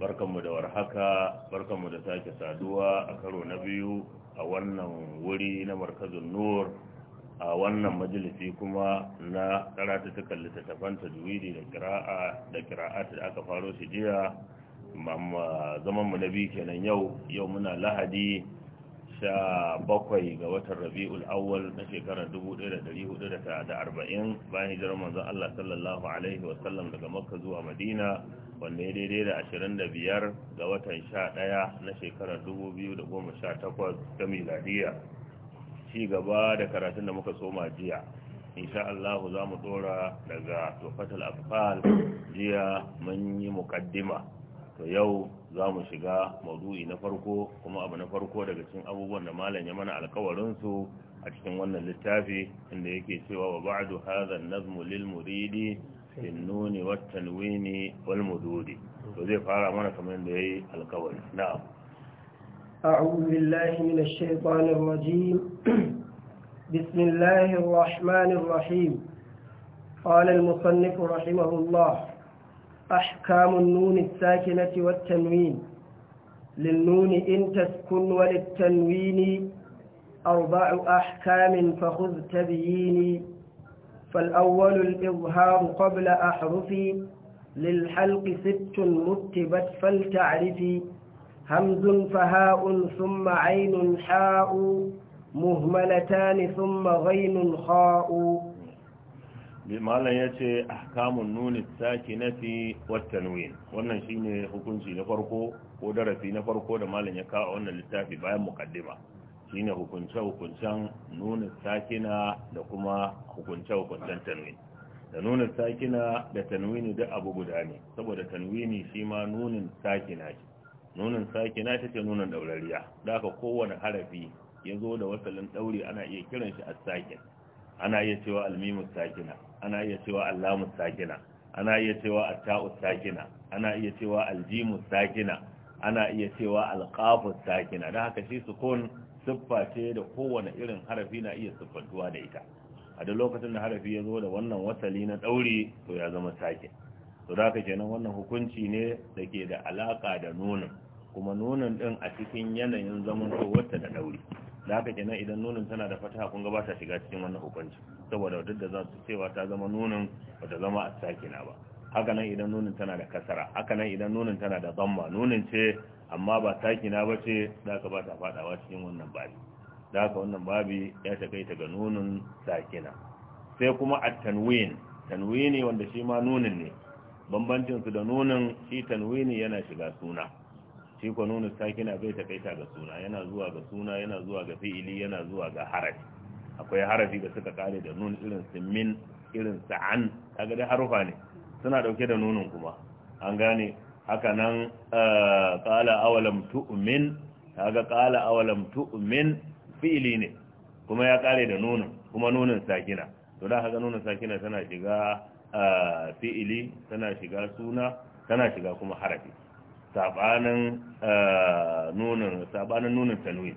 barkanmu da warhaka barkanmu da sake saduwa a karo na biyu a wannan wuri na markazin nur a wannan majalisi kuma na karatuttukan littattafan tajwidi da kira'a da kira'at da aka faro shi jiya zaman mu na biyu kenan yau yau muna lahadi sha bakwai ga watan rabi'ul awwal na shekarar 1440 bayan hijirar manzon Allah sallallahu alaihi wa sallam daga Makka zuwa Madina wanda ya daidai da 25 ga watan 11 na shekarar 2018 ta miladiya ci gaba da karatun da muka soma jiya insha Allah za mu dora daga tufatul afkal jiya mun yi mukaddima to yau za mu shiga maudu'i na farko kuma abu na farko daga cikin abubuwan da malam ya mana su a cikin wannan littafi inda yake cewa wa ba'du hadha an-nazmu lil muridi bin nuni wat tanwin wal mududi to zai fara mana kamar yadda yayi alkawari na'am a'udhu billahi minash shaitanir rajim bismillahir rahmanir rahim qala al-musannif rahimahullah أحكام النون الساكنة والتنوين للنون إن تسكن وللتنوين أربع أحكام فخذ تبييني فالأول الإظهار قبل أحرفي للحلق ست مرتبت فلتعرفي همز فهاء ثم عين حاء مهملتان ثم غين خاء malam ya ce ahkamun nuni saki na fi watanwin wannan shine hukunci na farko ko darasi na farko da malam ya kawo wannan littafi bayan mukaddima shine hukunce-hukuncen nuni sakina da kuma hukunce-hukuncen tanwin da nunin sakina da tanwini duk abu guda ne saboda tanwini shi ma nunin sakina ce nunin sakina ta ce nunin daurariya da aka kowane harafi ya zo da wasalin dauri ana iya kiran shi a sakin ana iya cewa almimu sakina ana iya cewa allamu sakina ana iya cewa atta'u sakina ana iya cewa aljimu sakina ana iya cewa alqafu sakina dan haka shi sukun siffa ce da kowane irin harafi na iya siffantuwa da ita a duk lokacin da harafi ya zo da wannan wasali na dauri to ya zama sakin to da haka kenan wannan hukunci ne da ke da alaka da nunin kuma nunin din a cikin yanayin zamantowar ta da dauri da haka kenan idan nunin tana da fataha kun ga ba ta shiga cikin wannan hukunci saboda duk da za su cewa ta zama nunin ba ta zama a na ba haka nan idan nunin tana da kasara haka nan idan nunin tana da zamma nunin ce amma ba na ba ce da aka ba ta fadawa cikin wannan babi da haka wannan babi ya ta ga nunin na sai kuma a tanwin tanwini wanda shi ma nunin ne bambancinsu da nunin shi tanwini yana shiga suna shi ko nuna sakina bai takaita ga suna yana zuwa ga suna yana zuwa ga fi'ili yana zuwa ga harafi akwai harafi da suka kare da nun irin su min irin su an kaga dai harufa ne suna dauke da nunun kuma an gane haka nan eh, qala awalam tu'min kaga qala awalam tu'min fi'ili ne kuma ya kare da nunun kuma nunun sakina to da haka nunun sakina tana shiga eh, fi'ili tana shiga suna tana shiga kuma harafi sabanin eh, nunin sabanin nunin tanwin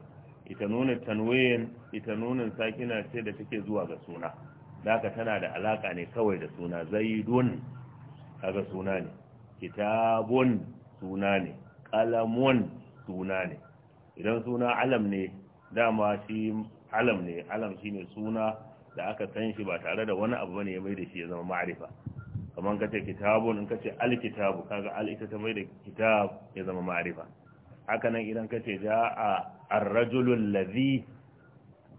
ita nunin tanwin ita nunin sakina ce da take zuwa ga suna haka tana da alaka ne kawai da suna zaidun kaga suna ne kitabun suna ne kalamun suna ne idan suna alam ne dama shi alam ne alam shine suna da aka san shi ba tare da wani abu ne ya mai da shi ya zama ma'arifa kamar ka ce kitabun in ka ce alkitabu kaga al ita ta mai da kitab ya zama ma'arifa haka nan idan ka ce ja'a ar-rajulu allazi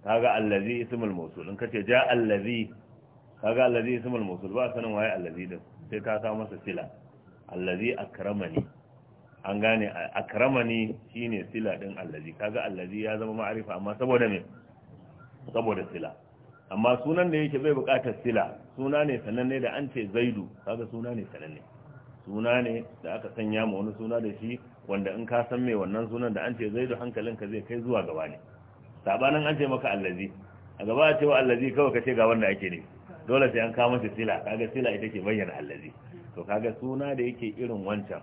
kaga allazi ismul mawsul in ka ce ja'a allazi kaga allazi ismul mawsul ba sanin waye allazi din sai ka sa masa sila allazi akramani an gane akramani shine sila din allazi kaga allazi ya zama ma'arifa amma saboda me saboda sila amma sunan da yake bai bukatar sila suna ne sananne da an ce zaidu kaga suna ne sananne suna ne da aka sanya ma wani suna da shi wanda in ka san mai wannan sunan da an ce zaidu hankalinka zai kai zuwa gaba ne sabanin an ce maka allazi a gaba a ce wa allazi kawai ka ce ga wanda ake ne dole sai an ka masa sila kaga sila ita ke bayyana allazi to kaga suna da yake irin wancan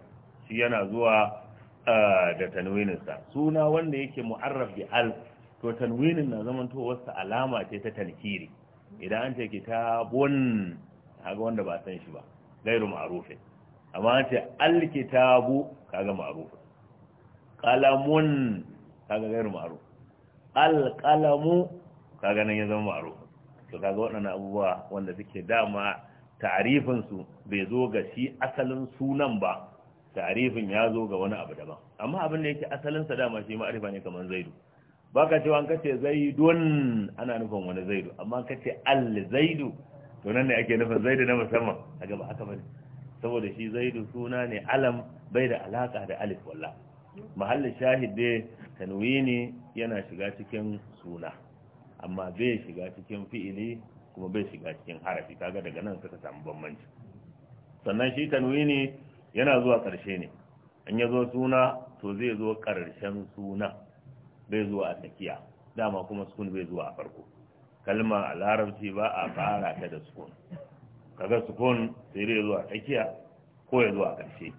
shi yana zuwa ah, da tanwininsa suna wanda yake mu'arraf bi al to tanwinin na zamantowarsa alama ce ta tankiri idan an ce kitabun kaga wanda ba san shi ba gairu ma'rufin amma an ce alkitabu kaga ma'ruf qalamun kaga gairu ma'ruf alqalamu kaga nan ya zama ma'ruf to kaga waɗannan abubuwa wanda suke dama tarifin su bai zo ga shi asalin sunan ba tarifin ya zo ga wani abu daban amma abin da yake asalin sa dama shi ma'arifa ne kamar zaidu baka cewa an kace zaidun ana nufin wani zaidu amma kace al zaidu to nan ne ake nufin zaidu na musamman a gaba haka bane saboda shi zaidu suna ne alam bai da alaka da alif walla mahallin shahid dai tanwini yana shiga cikin suna amma bai shiga cikin fi'ili kuma bai shiga cikin harafi kaga daga nan suka samu bambanci sannan shi tanwini yana zuwa karshe ne An ya zo suna to zai zo ƙarshen suna bai zuwa a tsakiya dama kuma sukun bai zuwa a farko kalma a larabci ba a fara ta da sukun kaga sukun sai dai zuwa tsakiya ko ya zuwa ƙarshe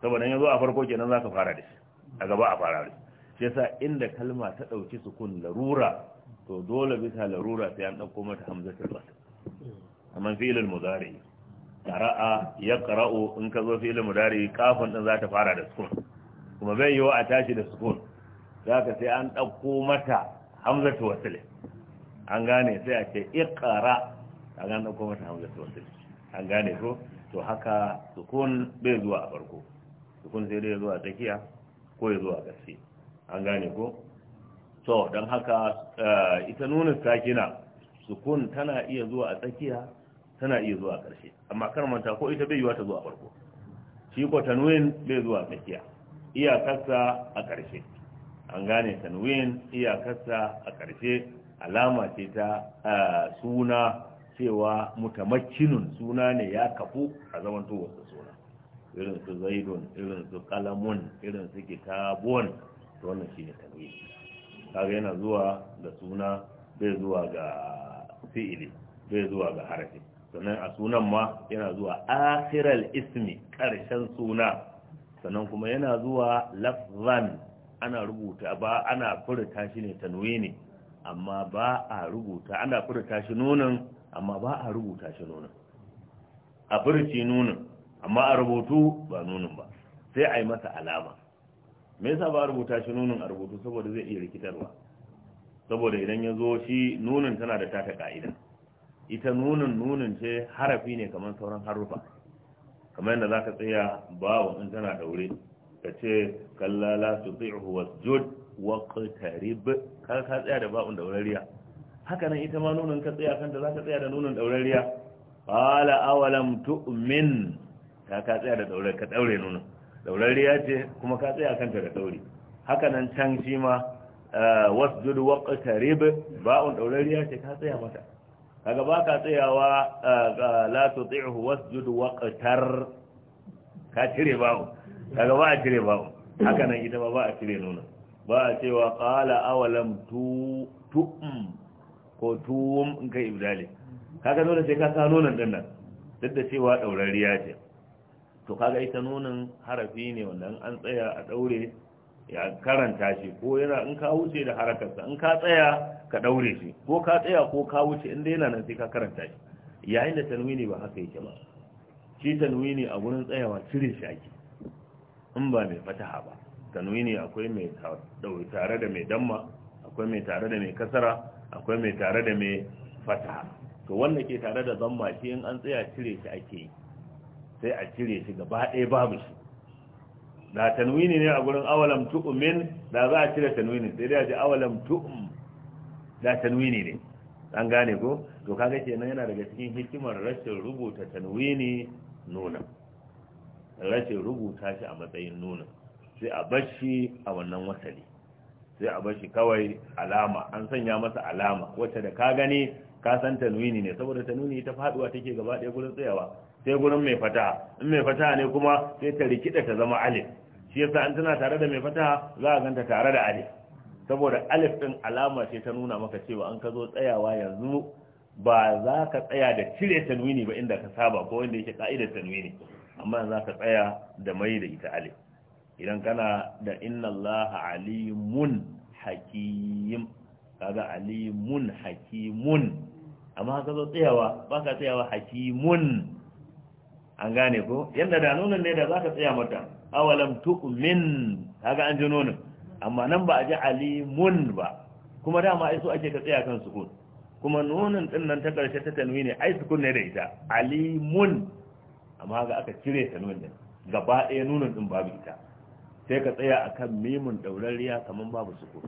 saboda ya zo a farko kenan za ka fara da shi a gaba a fara da shi yasa inda kalma ta ɗauki sukun larura to dole bisa larura sai an ɗauko mata hamzatul wasl amma fi'il mudari qara'a yaqra'u in ka zo fi'il mudari kafin din za ta fara da sukun kuma bai yi wa a tashi da sukun za ka sai an ɗauko mata hamzatu wasile an gane sai a ce ikara a gane ɗauko mata hamzatu wasile an gane ko to haka sukun bai zuwa a farko sukun sai dai zuwa tsakiya ko ya zuwa gaske an gane ko to don haka eh, ita nunin sakina sukun tana iya zuwa a tsakiya tana iya zuwa a ƙarshe amma kar manta ko ita bai yiwa ta zuwa a farko shi ko tanwin bai zuwa a tsakiya kasa a ƙarshe an gane tanwin iyakarsa a ƙarshe alama ce ta suna cewa mutamakinun suna ne ya kafu a wasu suna irin su zaidun irin su kalamun irin su kitabun to wannan shi ne tanwin kaga yana zuwa da suna bai zuwa ga fi'ili bai zuwa ga harfi sannan a sunan ma yana zuwa akhiral ismi ƙarshen suna sannan kuma yana zuwa lafzan ana rubuta ba ana furta shi ne ne amma ba a rubuta ana furta shi nunin amma ba a rubuta shi nunin a furci nunin amma a rubutu ba nunin ba sai a yi masa alama me yasa ba a rubuta shi nunin a rubutu saboda zai iya rikitarwa saboda idan ya zo shi nunin tana da tata ka'ida ita nunin nunin ce harafi ne kamar sauran haruffa. kamar yadda za ka tsaya bawo in tana daure ka ce kalla la tuti'hu wasjud qtarib ka ka tsaya da ba'un daurariya haka nan ita ma nunan ka tsaya kanta za ka tsaya da nunin daurariya qala awalam tu'min ka ka tsaya da daurariya ka daure nunin daurariya ce kuma ka tsaya kanta da daure haka nan can shi ma ah, wasjud waqtarib ba'un daurariya ce ka tsaya mata kaga ba ka tsayawa ah, la tuti'hu wasjud qtar ka cire ba'un kaga ba a cire ba haka nan ita ba, ba a cire nuna ba a cewa qala awalam tu tu'm ko tuwum in kai ibdali kaga nuna sai ka sa nunan din nan duk da cewa daurariya ce to kaga ita nunan harafi ne wanda an tsaya a daure ya karanta shi ko yana in ka wuce da harakarsa in ka tsaya ka daure shi ko ka tsaya ko ka wuce in dai yana nan sai ka karanta shi yayin da tanwini ba haka yake ba shi tanwini a gurin tsayawa cire shi ake in ba mai fataha ba tanwini akwai mai tare da mai damma akwai mai tare da mai kasara akwai mai tare da mai fataha to wanda ke tare da damma shi in an tsaya cire shi ake yi sai a cire shi gaba ɗaya babu shi da tanwini ne a gurin awalam tu'min da za a cire tanwini sai dai a ce awalam tu'm da tanwini ne an gane ko to kaga kenan yana daga cikin hikimar rashin rubuta tanwini nuna rashin rubuta shi a matsayin nuna sai a bashi a wannan wasali sai a bashi kawai alama an sanya masa alama wacce da ka gani ka san tanwini ne saboda tanwini ta faduwa take gaba ɗaya gurin tsayawa sai gurin mai fataha in mai fataha ne kuma sai ta rikida ta zama alif shi yasa an tana tare da mai fataha za a ganta tare da alif saboda alif din alama ce ta nuna maka cewa an ka zo tsayawa yanzu ba za ka tsaya da cire tanwini ba inda ka saba ko inda yake ka'idar tanwini amma za ka tsaya da mai da ita alif idan kana da inna allaha alimun hakim kaga alimun hakimun amma ka zo tsayawa ba ka tsayawa hakimun an gane ko yadda da nunin ne da za ka tsaya mata awalam tu'min kaga an ji nunin amma nan ba a ji alimun ba kuma dama ai so ake ka tsaya kan sukun kuma nunin din nan ta karshe ta ne ai sukun ne da ita alimun amma ga aka cire ta nuna gaba ɗaya nuna ɗin babu ita sai ka tsaya a kan mimun ɗaurariya kamar babu suku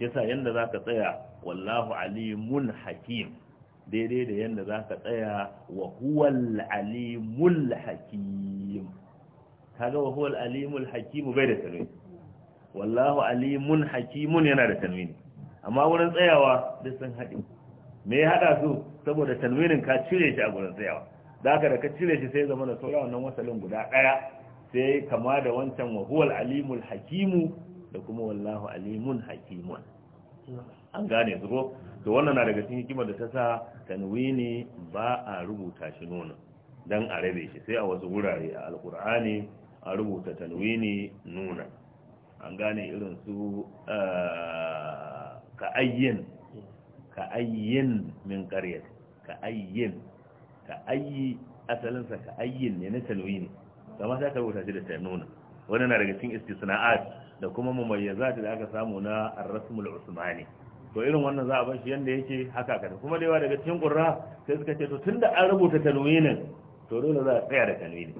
yasa yadda za ka tsaya wallahu alimun hakim daidai da yadda za ka tsaya wa huwal alimul hakim kaga wa huwal alimul hakim bai da tanwini wallahu alimun hakimun yana da tanwini amma wurin tsayawa da sun haɗe me ya haɗa su saboda tanwinin ka cire shi a wurin tsayawa da aka da ka cire shi sai zama da saura wannan wasalin guda ɗaya sai kama da wancan wa huwal alimul hakimu da kuma wallahu alimun hakimun an gane zuwa to wannan na daga cikin hikimar da ta sa tanwini ba a rubuta shi nuna dan a rabe shi sai a wasu wurare a alkur'ani a rubuta tanwini nuna an gane irin su eh, ka ayyin min karyar. ka ayyin ka ayyi asalinsa ka ayin ne na talwi ne kama sai ka rubuta shi da tanuna wannan na daga cikin istisna'at da kuma mumayyazat da aka samu na ar-rasmul usmani to irin wannan za a bar shi yanda yake haka haka kuma da yawa daga cikin qurra sai suka ce to tunda an rubuta tanwinin to dole za a tsaya da tanwini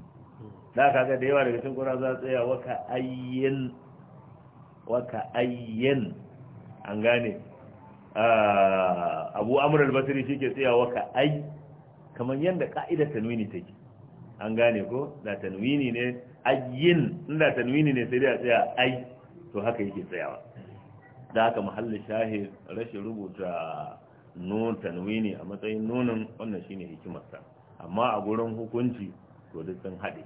da kaga da yawa daga cikin qurra za a tsaya waka ayyin waka ayyin an gane ah, abu amr al-basri shi ke tsaya waka ayyin kamar yadda ka'idar tanwini take an gane ko da tanwini ne ayyin inda tanwini ne sai dai a tsaya ai to haka yake tsayawa da haka mahalli shahid rashin rubuta nun tanwini a matsayin nunin wannan shine hikimarsa amma a gurin hukunci to duk sun haɗe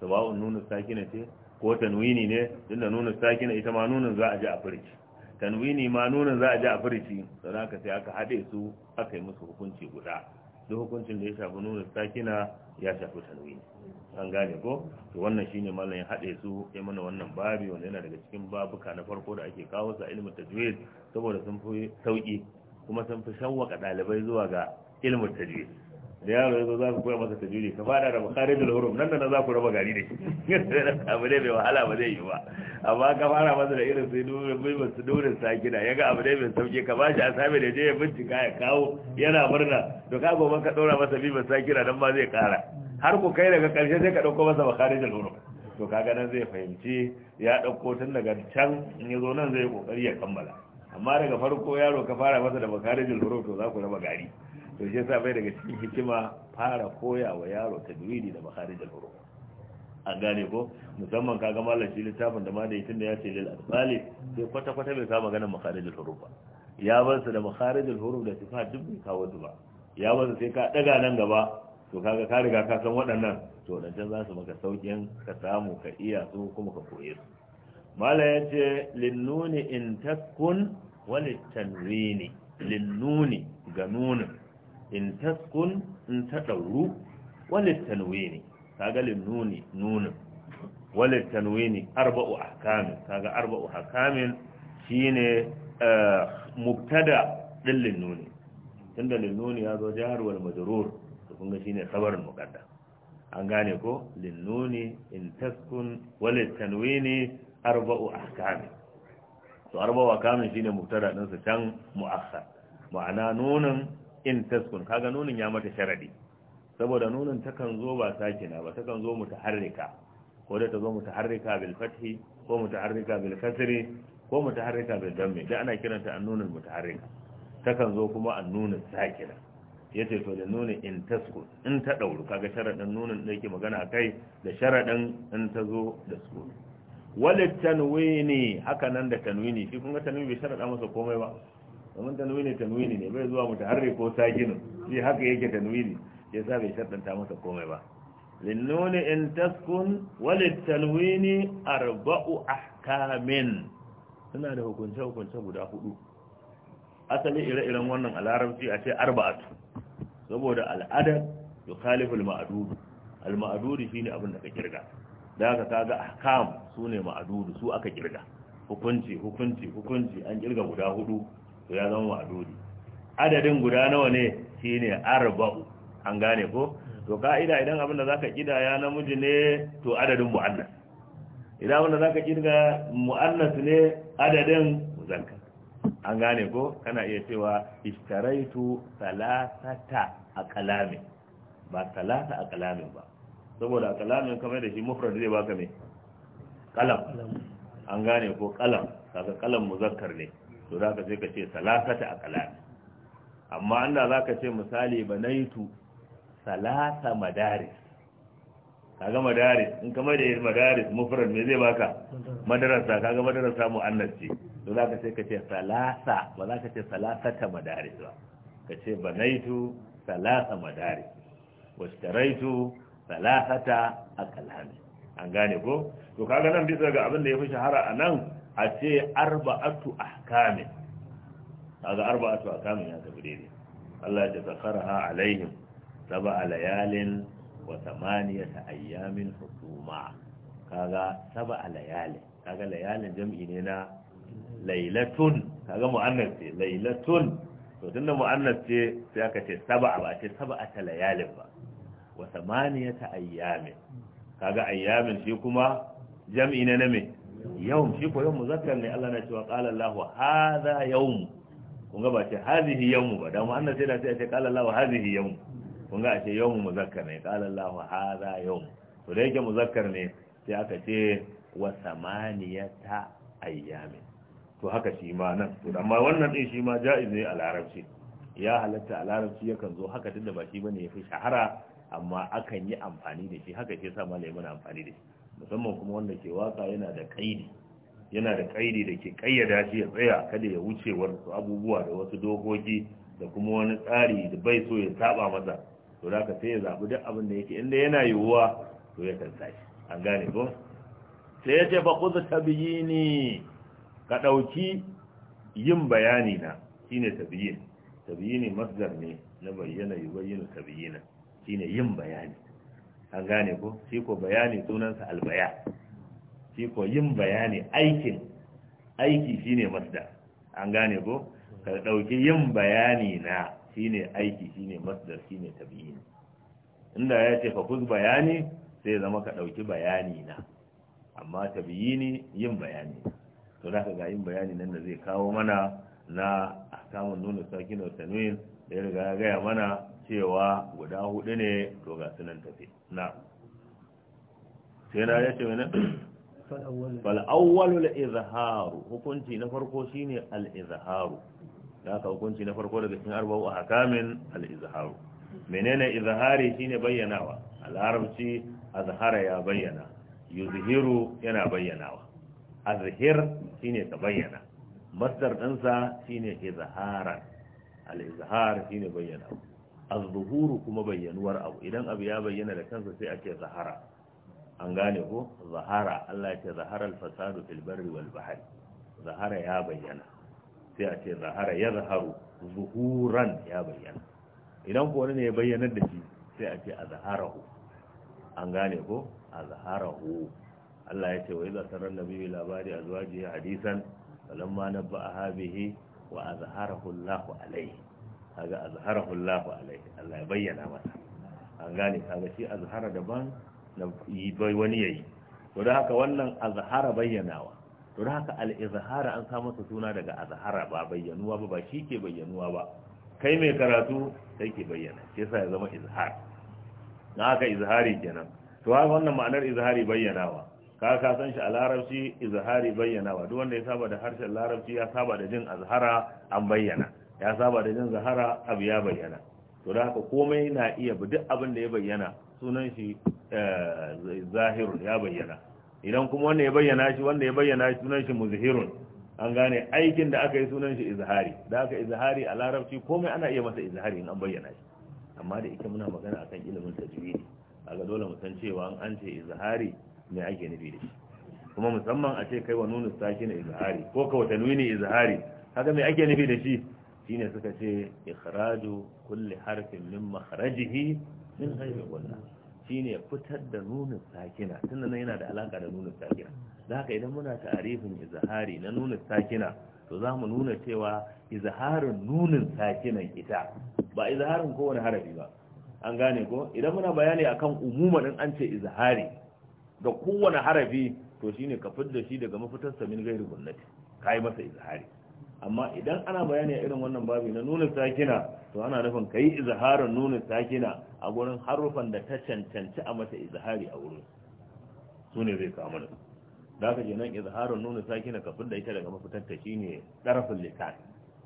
sabawa nunu sakina ce ko tanwini ne tunda nunu sakina ita ma nunin za a ji a furici tanwini ma nunin za a ji a furici don haka sai aka haɗe su aka yi musu hukunci guda duk hukuncin da ya shafi nuna sakina ya shafi tanwini an gane ko to wannan shine mallan ya hade su ya mana wannan babi wanda yana daga cikin babuka na farko da ake kawo sa ilmin tajwid saboda sun fi sauki kuma sun fi shawwaka ɗalibai zuwa ga ilmin tajwid da yaro yazo za ku koya masa tajwidi ka fara da makharijul huruf nan da za ku raba gari da shi abu ne mai wahala ba zai yi ba amma ka fara masa da irin sai dole bai masu dole sakina yaga abu ne mai sauki ka bashi asabi da je ya bincika ya kawo yana murna to ka goma ka ɗora masa bi masu sakina nan ma zai kara har ku kai daga karshe sai ka dauko masa makharijul huruf to ga nan zai fahimci ya dauko tun daga can in yazo nan zai kokari ya kammala amma daga farko yaro ka fara masa da makarijin huruf to za ku raba gari to shi yasa bai daga cikin hikima fara koya wa yaro tajwidi da da huruf an gane ko musamman kaga mallam shi littafin da ma da da ya ce lil asbali sai kwata kwata bai sa maganar makharijul huruf ba ya bar su da da huruf da fa duk bai kawo su ba ya bar sai ka daga nan gaba to kaga ka riga ka san waɗannan to wadancan za su maka saukin ka samu ka iya su kuma ka koye su mala ya ce linnuni in takkun wani tanwini linnuni ga nunin in taskun in ta ɗauru walit ne kaga lin nuni nunin walit ne arba'u ta kaga arba'u ahkamin shi ne eh, muktada ɗillin nuni Tun da linnuni ya zo jaharwar wal majrur to kun ga ne khabarin muqaddam an gane ko linnuni in taskun walit ne arba'u ahkamin to arba'u ahkamin shi ne muktada ɗinsu can mu'akhkhar ma'ana nunin in taskun kaga nunin ya mata sharadi saboda nunin takan zo ba sakina ba takan zo mutaharrika ko da ta zo mutaharrika bil fathi ko mutaharrika bil kasri ko mutaharrika bil dammi da ana kiranta annunul mutaharrika takan zo kuma annunul sakina yace to da nunin in taskun in ta dauru kaga sharadin nunin da yake magana kai da sharadin in ta zo da su walit tanwini haka nan da tanwini shi kun ga tanwini bai sharada masa komai ba domin tanwini tanwini ne bai zuwa mutaharri ko sakinu shi haka yake tanwini ya sa bai shaddanta masa komai ba linnuni in taskun walid tanwini arba'u ahkamin suna da hukunce hukunce guda hudu asali ire-iren wannan a larabci a ce arba'atu saboda al'adar al ma'adudu al-ma'adudu shine abin da ka kirga da aka kaga ahkam sune ma'adudu su aka kirga hukunci hukunci hukunci an kirga guda hudu to ya zama ma'adudi adadin guda nawa ne shine arba'u an gane ko to ka'ida idan abin da zaka ya namiji ne to adadin mu'annas idan abin da zaka kirga mu'annas ne adadin muzakka. an gane ko kana iya cewa ishtaraitu salasata a kalamin ba salasa a kalamin ba saboda a kalamin kamar da shi mufrad zai baka me kalam an gane ko kalam kaga kalam muzakkar ne to za ka sai ka ce salasata a kalami amma anda za ka ce misali banaitu salasa madaris kaga madaris in kama da madaris mufrad me zai baka madarasa kaga madarasa mu ce to za ka sai ka ce salasa ba za ka ce salasata madaris ba ka ce banaitu salasa madaris washtaraitu salasata akalami an gane ko to kaga nan bisa ga abin da ya fi shahara a nan a ce arba'atu ahkamin kaga arba'atu ahkamin ya tafi daidai Allah ya sakharaha alaihim sab'a layalin wa thamaniyata ayyamin hukuma. kaga sab'a layalin kaga layalin jam'i ne na lailatun kaga mu'annas ce lailatun to tunda mu'annas ce sai aka ce sab'a ba ce ta layalin ba wa thamaniyata ayyamin kaga ayyamin shi kuma jam'i ne na me yawm shi ko yawm muzakkar ne Allah na cewa qala Allah hadha yawm kun ga ba ce hadhihi yawm ba dan mu'annas sai da sai ce qala Allah hadhihi yawm kun ga ce yawm muzakkar ne qala Allah hadha yawm to da yake muzakkar ne sai aka ce wa samaniyata ayyami to haka shi ma nan to amma wannan din shi ma ja'iz ne a larabci ya halatta a larabci yakan zo haka tunda ba shi bane yafi shahara amma akan yi amfani da shi haka ke sa malai mana amfani da shi musamman kuma wanda ke waka yana da kaidi yana da kaidi da ke kayyada shi ya tsaya kada ya wuce wasu abubuwa da wasu dokoki da kuma wani tsari da bai so ya saba masa to da ka sai ya zaɓi duk abin da yake inda yana yiwuwa to ya kanta shi an gane ko sai ya ce fa kuzu tabiyini ka ɗauki yin bayani na shine tabiyin tabiyini masdar ne na bayyana yubayyinu tabiyina shine yin bayani an gane ko shi ko bayani sunansa albaya shi ko yin bayani aikin aiki shine masdar an gane ko ka dauki yin bayani na shine aiki shine masdar shine tabi'in inda ya ce fakuz bayani sai zama ka dauki bayani na amma tabiyini yin bayani to zaka ga yin bayani nan da zai kawo mana na ahkamun nuna sakin tanwin da ya riga ya gaya mana cewa guda hudu ne to ga sunan tafi na sai na ya ce wani fal'awwalu al'izharu hukunci na farko shine al'izharu da ka hukunci na farko daga cikin arba'u ahkamin al'izharu menene izhari shine bayyanawa al'arabci azhara ya bayyana yuzhiru yana bayyanawa azhir shine ka bayyana masdar ɗinsa shine izharan al-izhar shine bayyanawa azuhuru zuhuru kuma bayyanuwar abu idan abu ya bayyana da kansa sai ake zahara an gane ko zahara Allah ya ce zahara fasadu fil barri wal bahri zahara ya bayyana sai a zahara ya zaharu zuhuran ya bayyana idan ko wani ne ya bayyana da shi sai a ce azharahu an gane ko azharahu Allah ya ce wa idza sarra nabiyyu labari azwajihi hadisan falamma nabba'aha bihi wa azharahu Allahu alayhi kaga azharahu Allahu alaihi Allah ya bayyana masa an gane kaga shi azhara daban na bai wani yayi to da haka wannan azhara bayyanawa to da haka al-izhara an samu su suna daga azhara ba bayyanuwa ba ba shi ke bayyanuwa ba kai mai karatu sai ke bayyana shi yasa ya zama izhar na haka izhari kenan to haka wannan ma'anar izhari bayyanawa ka ka san shi a larabci izhari bayyanawa duk wanda ya saba da harshen larabci ya saba da jin azhara an bayyana ya saba da jin zahara abu ya bayyana to da haka komai na iya duk abin da ya bayyana sunan shi eh, zahirun ya bayyana idan kuma wanda ya bayyana shi wanda ya bayyana shi sunan shi muzahirun, an gane aikin da aka yi sunan shi izhari da aka izhari a larabci komai ana iya masa izhari in an bayyana shi amma da ita muna magana akan ilimin tajwidi kaga dole mu san cewa an ce izhari me ake nufi da shi kuma musamman a ce kai wa nunu sakin izhari ko ka wata nuni izhari kaga me ake nufi da shi shine suka ce ikhraju kulli harfin min makhrajihi min ghairi wallah shine fitar da nunin sakina tunda nan yana da alaka da nunin sakina da haka idan muna ta'arifin izhari na nunin sakina to za mu nuna cewa izharin nunin sakinan ita ba izharin kowane harafi ba an gane ko idan muna bayani akan umuma din an ce izhari ga kowane harafi to shine ka fidda shi daga mafitarsa min gairi gwamnati kai masa izhari amma idan ana bayani a irin wannan babi na nuna sakina to ana nufin ka yi izaharar nuna sakina a gurin harufan da ta cancanci a mata izahari a wurin su ne zai kamu da da ka nan izaharar nuna sakina kafin da ita daga mafitar ta shi ne ɗarafin lisan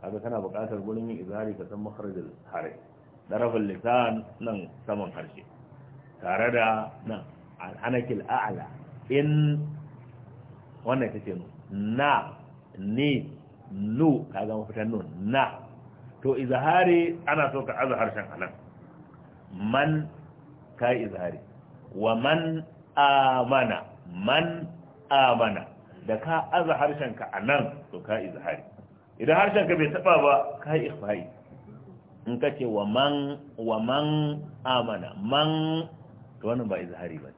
haka kana buƙatar gurin yin izahari ka san makarajin harai ɗarafin lisan nan saman harshe tare da nan alhanakil a'ala in wannan ta ce na ni nu ka ga mafitan nun na to izahari ana so ka azahar harshen anan man ka izahari. wa man amana man amana da ka aza harshen ka anan to ka izahari. idan harshen ka bai taba ba ka ikhfai in ka ce wa man wa man amana man to wannan ba izahari ba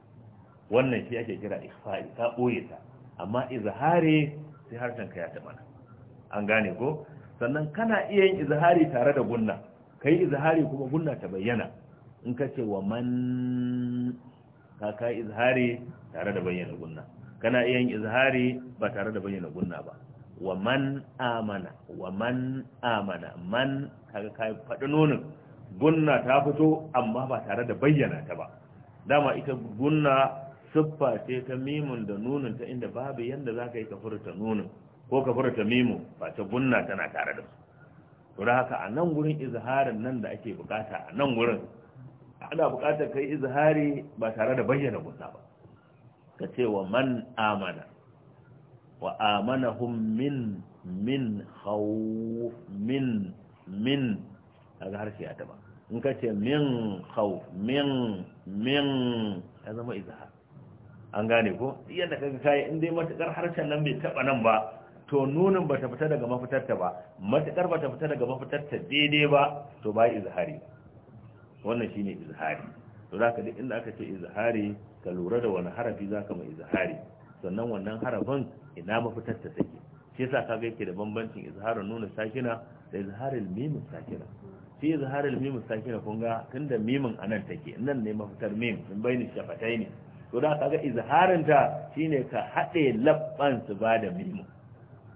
wannan shi ake kira ikhfai ka boye ta amma izahari sai harshen ka ya taba nan an gane ko sannan kana iya yin izhari tare da gunna kai izhari kuma gunna ta bayyana in ka ce wa man ka ka izhari tare da bayyana gunna kana iya yin izhari ba tare da bayyana gunna ba wa man amana wa man amana man ka faɗi nonin gunna ta fito amma ba tare da bayyana ta ba dama ita gunna siffa ce ta mimun da nunin ta inda babu yanda za ka yi ka furta nunin ko ka ta mimu ba ta gunna tana tare da su to da haka a nan gurin izharin nan da ake bukata a nan gurin ana bukatar kai izhari ba tare da bayyana gunna ba ka ce wa man amana wa amanahum min min khawf min min kaga harshe ya ba in ka ce min khawf min min ya zama izhar an gane ko yadda kaga kai in dai matakar harshen nan bai taba nan ba to nunin bata fita daga mafitarta ba matakar bata fita daga mafitarta daidai ba to ba izhari wannan shine izhari to zaka duk inda aka ce izhari ka lura da wani harafi zaka mai izhari sannan wannan harafin ina mafitarta take shi yasa kaga yake da bambancin izharin nuna sakina da izharin mim sakina shi izharil mim sakina kun ga tunda mimin anan take nan ne mafitar mim sun bayyana shafatai ne to da kaga izharin ta shine ka hade labban su ba da mimin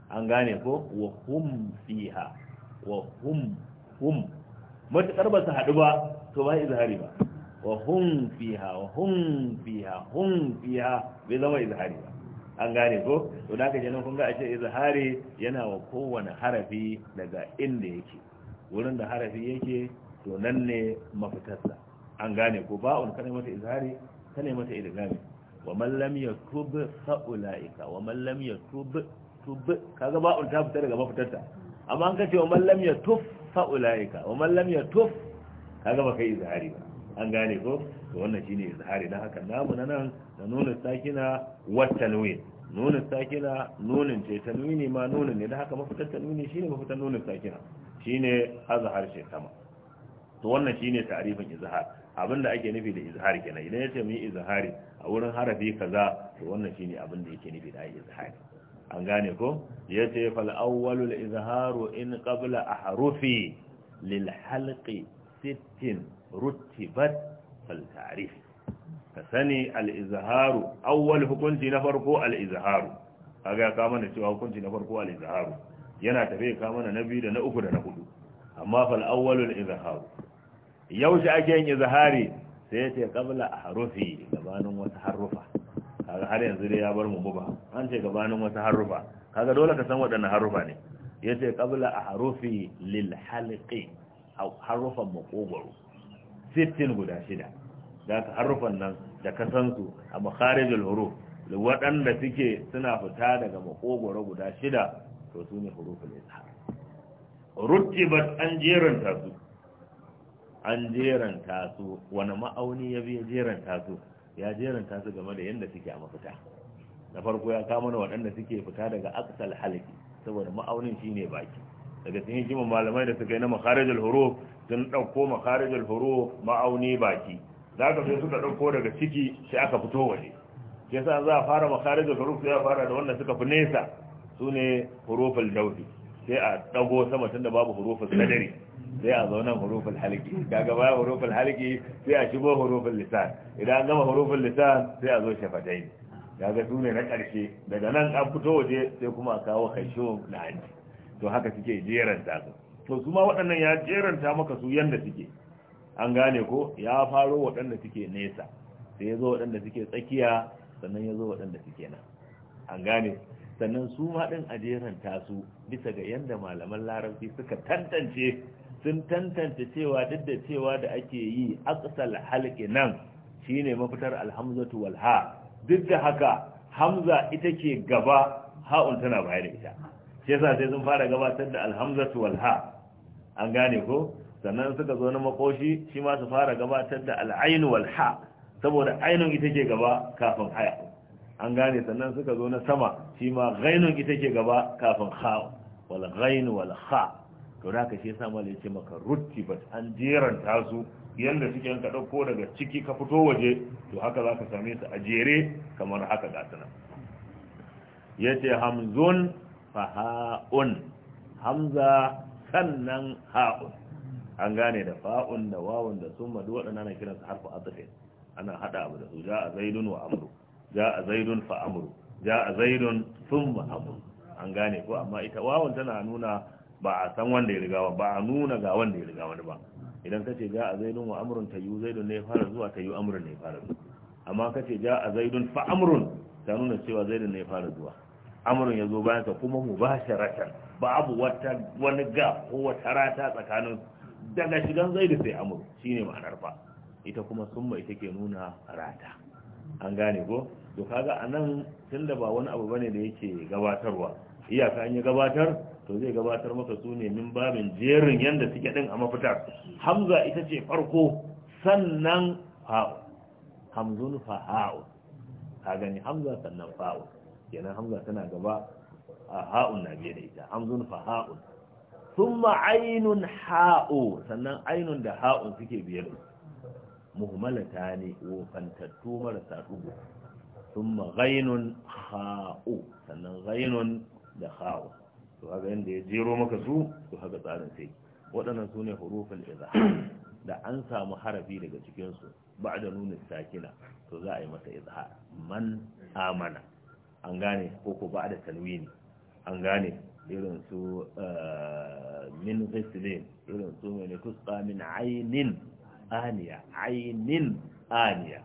an gane ko wa hum fiha wa hum hum matakar ba su haɗu ba to ba izhari ba wa hum fiha wa hum fiha hum fiha bai zama izhari ba an gane ko to da ka nan kun ga ashe izhari yana wa kowane harafi daga inda yake wurin da harafi yake to nan ne mafitarsa an gane ko ba un kana mata izhari kana mata idgami wa man lam yakub fa ulaika wa man lam yakub tubbe kaga ba ta fita daga mafitarta amma an kace wa man lam yatuf fa ulaika wa man lam yatuf kaga ba kai izhari ba an gane ko to wannan shine izhari dan haka namu na nan da nuna sakina wa tanwin nuna sakina nunin ce tanwini ma nunin ne dan haka mafitar tanwini shine mafitar nunin sakina shine azhar shi sama to wannan shine ta'rifin izhar abinda ake nufi da izhar kenan idan yace mu yi izhari a wurin harafi kaza to wannan shine abin da yake nufi da izhari an gane ko ya ce fal'awwalul izharu in qabla a harufi lilhalƙi sittin rutibat faltarif ka sani al'izharu awwal hukunci na farko al'izharu kaga ya kama da cewa hukunci na farko al'izharu yana tafiye kama da na biyu da na uku da na hudu amma fal'awwalul izharu yaushe ake yin izhari sai ya ce qabla a harufi gabanin wata harufa kaga har yanzu dai ya bar mu buba an ce gabanin wata harufa kaga dole ka san wadannan harufa ne yace qabla a harufi lil halqi harufan makogwaro sittin guda shida daga ka harufan nan da ka san su a makharijul huruf wadanda suke suna fita daga makogwaro guda shida to su ne huruful izhar rutibat an jeranta su an jeranta su wani ma'auni ya biya jeranta su ya jeranta su game da yadda suke a mafita na farko ya kama na waɗanda suke fita daga aksal halaki saboda ma'aunin shi ne baki daga cikin jimin malamai da suka yi na makarajar horo sun ɗauko makarajar horo ma'auni baki za ka sai suka ɗauko daga ciki sai aka fito waje shi yasa za a fara makarajar horo sai a fara da wanda suka fi nesa su ne horofin daudi sai a ɗago sama tun da babu horofin sadari sai a zaune hurufin halki daga baya hurufin halki sai a shigo hurufin lisan idan an gama hurufin lisan sai a zo shafatai daga su na ƙarshe daga nan an fito waje sai kuma a kawo kasho na hanci to haka suke jeranta su to su ma waɗannan ya jeranta maka su yanda suke an gane ko ya faro waɗanda suke nesa sai ya zo waɗanda suke tsakiya sannan ya zo waɗanda suke nan an gane sannan su ma ɗin a jeranta su bisa ga yanda malaman larabci suka tantance sun tantance cewa duk da cewa da ake yi aqsal halqi nan shine mafitar alhamzatu wal ha duk da haka hamza ita ke gaba ha'un tana baya da ita shi yasa sai sun fara gabatar da alhamzatu wal ha an gane ko sannan suka zo na makoshi shi ma su fara gabatar da al'ainu wal ha saboda ainun ita ke gaba kafin haya an gane sannan suka zo na sama shi ma ghainun ita ke gaba kafin ha wal ghain wal ha to da ka shi yasa malai ce maka rutibat an jeranta su yanda suke ka dauko daga ciki ka fito waje to haka za ka same su a jere kamar haka ga sunan yace hamzun fa ha'un hamza sannan ha'un an gane da fa'un da wawun da sun duk waɗannan ana kiransu harfu atafin ana hada abu da su a zaidun wa amru a zaidun fa amru a zaidun sun amru an gane ko amma ita wawun tana nuna ba a san wanda ya riga ba a nuna ga wanda ya riga wani ba idan kace ja a zaidun wa amrun tayu zaidun ne fara zuwa tayu amrun ne fara zuwa amma kace ja a zaidun fa amrun ta nuna cewa zaidun ne fara zuwa amrun ya zo bayan ka kuma mubasharatan babu wata wani ga ko wata rata tsakanin daga shigan zaidu sai amru ne ma'anar fa ita kuma summa ita ke nuna rata an gane ko to kaga anan tunda ba wani abu bane da yake gabatarwa iyaka an yi gabatar to zai gabatar maka su ne min babin jerin yadda suke din a mafita hamza ita ce farko sannan fa'u hamzun fa'o ka gani hamza sannan fa'u kenan hamza tana gaba a ha'un na biye da ita hamzun sun ma ainun ha'u sannan ainun da ha'un suke biye da muhmalata ne wofantattu marasa dubu thumma ghainun ha'u sannan ghainun da ha'u to haka yadda ya jero maka su to haka tsarin sai waɗannan su ne hurufin iza da an samu harafi daga cikinsu ba da nuna sakina to za a yi masa iza man amana an gane ko ko ba da tanwini an gane irin su eh, min ghislin irin su ne tusqa min aniya aynin aniya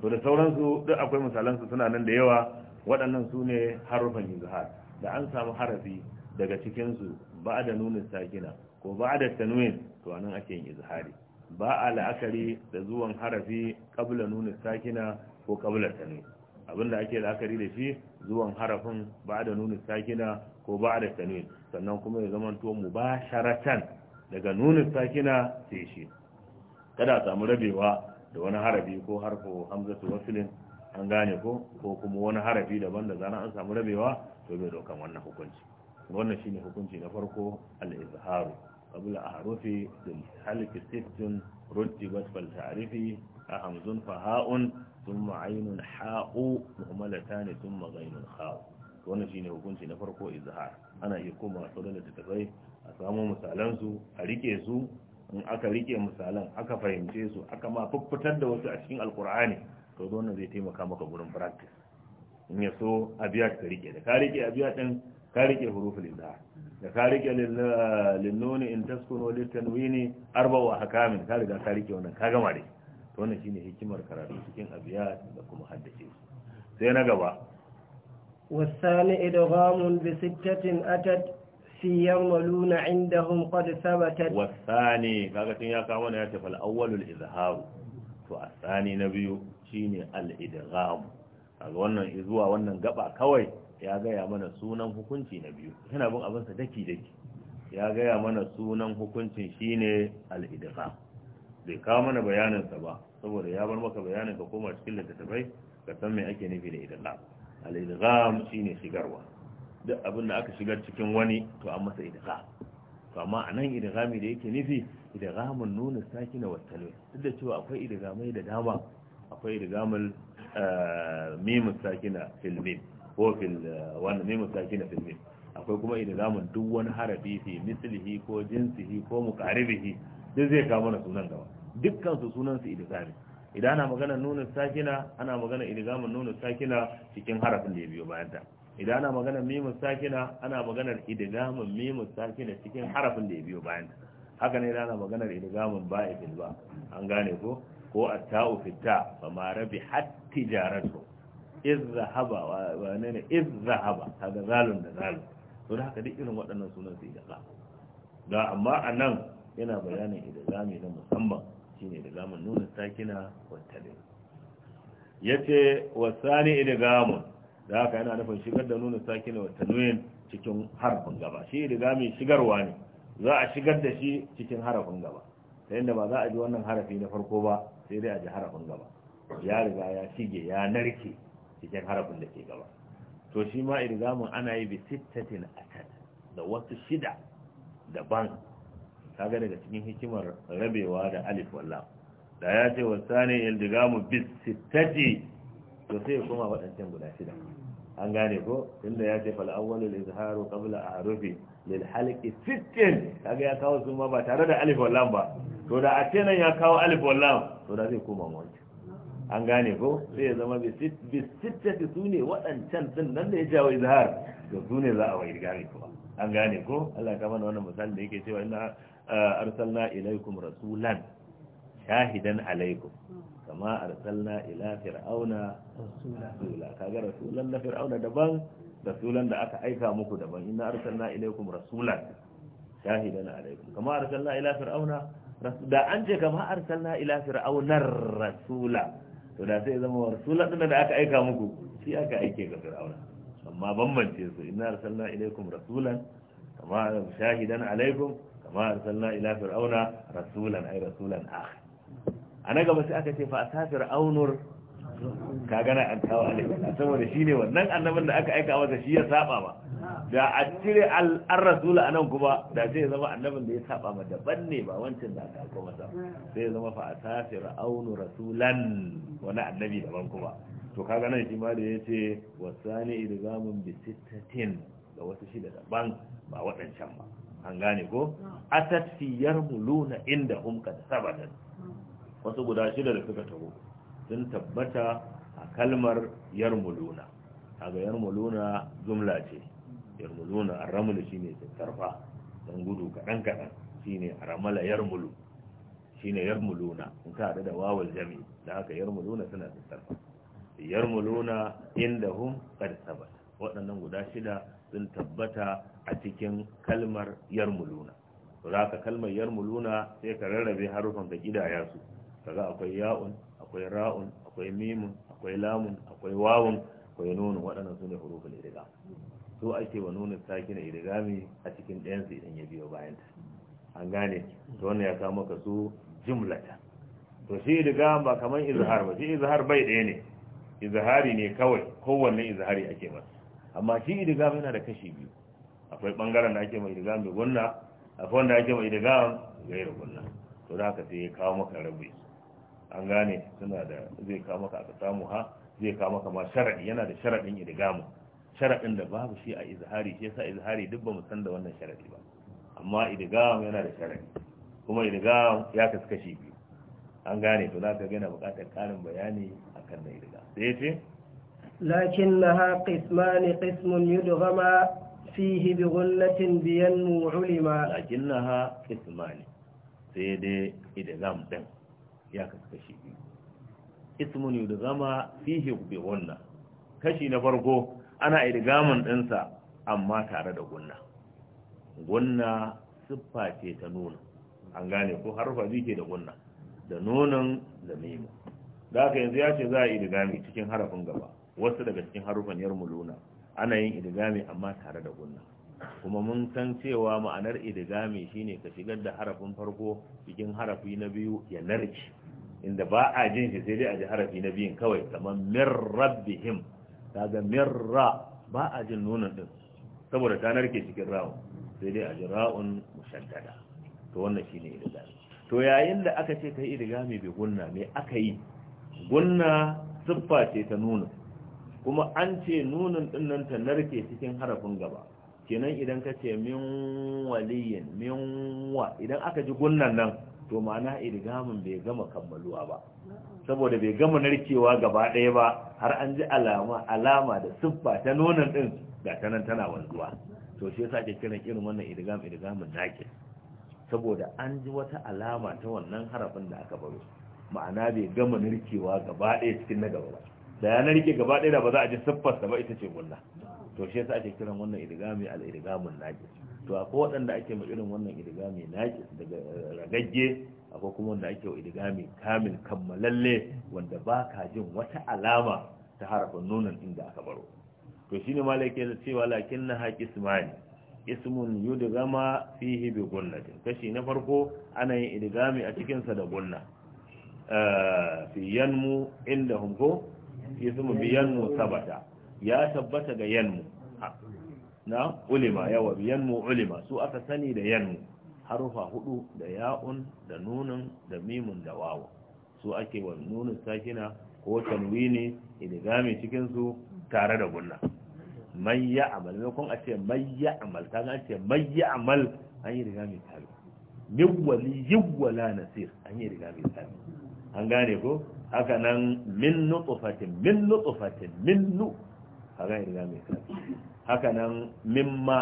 to da sauransu duk akwai misalansu suna nan da yawa waɗannan su ne harufan izhar da an samu harafi daga cikinsu ba da nunin sakina ko ba da tanwin to anan ake yin izhari ba a la'akari da zuwan harafi kabla nunin sakina ko kabla tanwin abinda ake la'akari da shi zuwan harafin ba da nunin sakina ko ba da tanwin sannan kuma ya zama to mubasharatan daga nunin sakina sai shi kada a samu rabewa da wani harafi ko harfo hamzatu wasilin an gane ko ko kuma wani harafi daban da zana an samu rabewa to bai dokan wannan hukunci wannan ne hukunci na farko al-izharu قبل a الحلق a رتبت fahaun sun فهاء ha'u, عين ne مهملتان ثم غين خاء wannan ne hukunci na farko izhar ana iya koma a da littattafai a samu misalan su a rike su in aka rike misalan aka fahimce su aka ma fuffutar da wasu a cikin alkur'ani to wannan zai taimaka maka gurin practice in ya so a biya ka rike da ka rike a biya ɗin ka rike huruful da da ka rike linnuni in taskuno littan wini arba wa hakamin ka riga ka rike wannan ka gama dai to wannan shine hikimar karatu cikin abiya da kuma haddace su sai na gaba wasani idghamun bi sittatin atat fi yamaluna indahum qad sabata wasani kaga tun ya kawo ne ya tafal awwalul izharu to asani na biyu shine al idghamu a wannan zuwa wannan gaba kawai ya gaya mana sunan hukunci na biyu yana bin abinsa daki daki ya gaya mana sunan hukuncin shine al bai kawo mana bayaninsa ba saboda ya bar maka bayanin ka koma cikin littattafai ka san me ake nufi da idgham al shine shigarwa duk abin da aka shigar cikin wani to an masa idgham to amma anan idghami da yake nufi mun nuna saki na tanwin duk da cewa akwai idgamai da dama akwai idgamul mimu sakina fil mim ko fil wannan sakina fil mim akwai kuma idgamun duk wani harafi fi mislihi ko jinsihi ko muqaribihi duk zai kawo mana sunan gaba dukkan su sunan su idgami idan ana magana nuna sakina ana magana idgamun nuna sakina cikin harafin da ya biyo bayan ta idan ana magana mimu sakina ana magana idgamun mimu sakina cikin harafin da ya biyo bayan ta haka ne idan ana magana bai ba'ifil ba an gane ko ko atta'u fitta ba ma rabi hatti jaratu iz zahaba wa ne iz zahaba kaga zalun da zalun to da haka duk irin waɗannan sunan su idaza da amma anan yana bayanin idazami na musamman shine da zamun nuna sakina wa talil yace wasani idgamun da haka yana nufin shigar da nuna sakina wata tanwin cikin harafin gaba shi idgami shigarwa ne za a shigar da shi cikin harafin gaba ta yadda ba za a ji wannan harafi na farko ba sai dai a ji harafin gaba ya riga ya shige ya narke cikin harafin da ke gaba to shi ma irgamin ana yi bisittatin akad da wasu shida daban kaga daga cikin hikimar rabewa da alif wallah da ya ce wasani ildigamu bisittati to sai kuma waɗancan guda shida an gane ko tunda ya ce fal izharu qabla a'rufi lil halqi sittin kaga ya kawo su ba tare da alif wal lam ba to da a ce nan ya kawo alif wal lam to da zai koma wanki an gane ko sai ya zama bi sittati sune waɗancan din nan da ya jawo izhar to sune za a wai gane ko an gane ko Allah ka mana wannan misali da yake cewa inna eh, arsalna ilaykum rasulan shahidan alaykum kama arsalna ila fir'auna rasula kaga rasulan da fir'auna daban rasulan da aka aika muku daban inna arsalna ilaykum rasulan shahidan alaykum kama arsalna ila fir'auna da an ce kama arsalna ila fir'auna rasula to da sai zama rasulan din da aka aika muku shi aka aike ga fir'auna amma bambance su inna arsalna ilaykum rasulan kama shahidan alaykum kama arsalna ila fir'auna rasulan ay rasulan akhir a na gaba sai aka ce fa asafir aunur ka gana an kawo alaihi saboda shi ne wannan annabin da aka aika masa shi ya saba ba da a cire an rasula a nan kuma da sai ya zama annabin da ya saba ma daban ne ba wancan da aka aiko masa sai ya zama fa asafir rasulan wani annabi daban kuma to ka gana shi ma da ya ce wasani ilzamun bi sittatin da wasu shida daban ba waɗancan ba an gane ko atat siyar muluna inda hum kad sabatan wasu guda shida da suka taho sun tabbata a kalmar yarmuluna kaga yarmuluna jumla ce yarmuluna shi shine tattarfa dan gudu kadan kadan shine aramala yarmulu shine yarmuluna in ka hada da wawal jami da haka yarmuluna suna tattarfa yarmuluna indahum qad sabat waɗannan guda shida sun tabbata a cikin kalmar yarmuluna to ka kalmar yarmuluna sai ka rarrabe harufan da kidaya su kaga akwai ya'un akwai ra'un akwai mimun akwai lamun akwai wawun akwai nunun waɗannan sune hurufin idgham so ake wa nunun sakina idghami a cikin ɗayan su idan ya biyo bayan ta an gane to wannan ya kawo maka su jumlata to shi idgham ba kaman izhar ba shi izhar bai ɗaya ne izhari ne kawai kowanne izhari ake masa amma shi idgham yana da kashi biyu akwai bangaren da ake mai idgham da gunna akwai wanda ake mai idgham gairu gunna to da haka sai ya kawo maka rabbi. an gane suna da zai kawo maka aka samu ha zai kawo maka ma sharaɗi yana da sharadin idgamu sharadin da babu shi a izhari shi yasa izhari duk ba mu san da wannan sharaɗi ba amma idgamu yana da sharadi kuma idgamu ya kasu biyu an gane to za ka gana buƙatar ƙarin bayani akan da idgamu sai ya ce لكنها قسمان قسم biyan فيه بغلة بينمو علما لكنها sai dai إدغام دم ya kasu kashi biyu ismun yudgama fihi bi gunna kashi na farko ana idgaman ɗinsa amma tare da gunna gunna siffa ce ta nuna an gane ko harfa biyu da gunna da nunan da mimu da haka yanzu ya ce za a idgami cikin harafin gaba wasu daga cikin harufan yarmuluna ana yin idgami amma tare da gunna kuma mun san cewa ma'anar idigami shine ka shigar da harafin farko cikin harafi na biyu ya narke inda ba a jin shi sai dai a ji harafi na biyun kawai kamar mir rabbihim kaga mir ra ba a jin nunan din saboda ta narke cikin ra'un sai dai a ji ra'un mushaddada to wannan shine idigami to yayin da aka ce kai idigami bi gunna me aka yi gunna siffa ce ta nuna kuma an ce nunin din nan ta narke cikin harafin gaba kenan idan ka ce min waliyin min wa idan aka ji gunnan nan to ma'ana idgamin bai gama kammaluwa ba saboda bai gama narkewa gaba ɗaya ba har an ji alama alama da siffa ta nonon din ga ta nan tana wanzuwa to shi yasa ake kiran irin wannan idgam idgamin naki saboda an ji wata alama ta wannan harafin da aka baro ma'ana bai gama narkewa gaba ɗaya cikin na gaba ba da ya narke gaba ɗaya da ba za a ji siffarsa ba ita ce gunna to shi yasa ake kiran wannan idgami al idgamun najis to akwai waɗanda ake ma irin wannan idgami najis daga eh, ragagge akwai kuma wanda ake wa idgami kamil kammalalle wanda ba ka jin wata alama ta harafin nunan inda aka baro to shine malaka ya cewa lakin na haƙi ismani ismun yudgama fihi bi gunnatin kashi na farko ana yin idgami a cikin sa da gunna eh, fi yanmu indahum ko ismu bi yanmu sabata ya tabbata ga yanmu na ulima yawa yanmu ulima su aka sani da yanmu harufa hudu da ya'un da nunun da mimun da wawa su ake wa nunun sakina ko tanwini idigami cikin su tare da gunna amal ne kun a ce ya amal? ta ga ce ya amal? an yi rigami tare wali yawwala nasir an yi rigami tare an gane ko haka nan min nutfatin min nutfatin min nu kaga mai kan haka nan mimma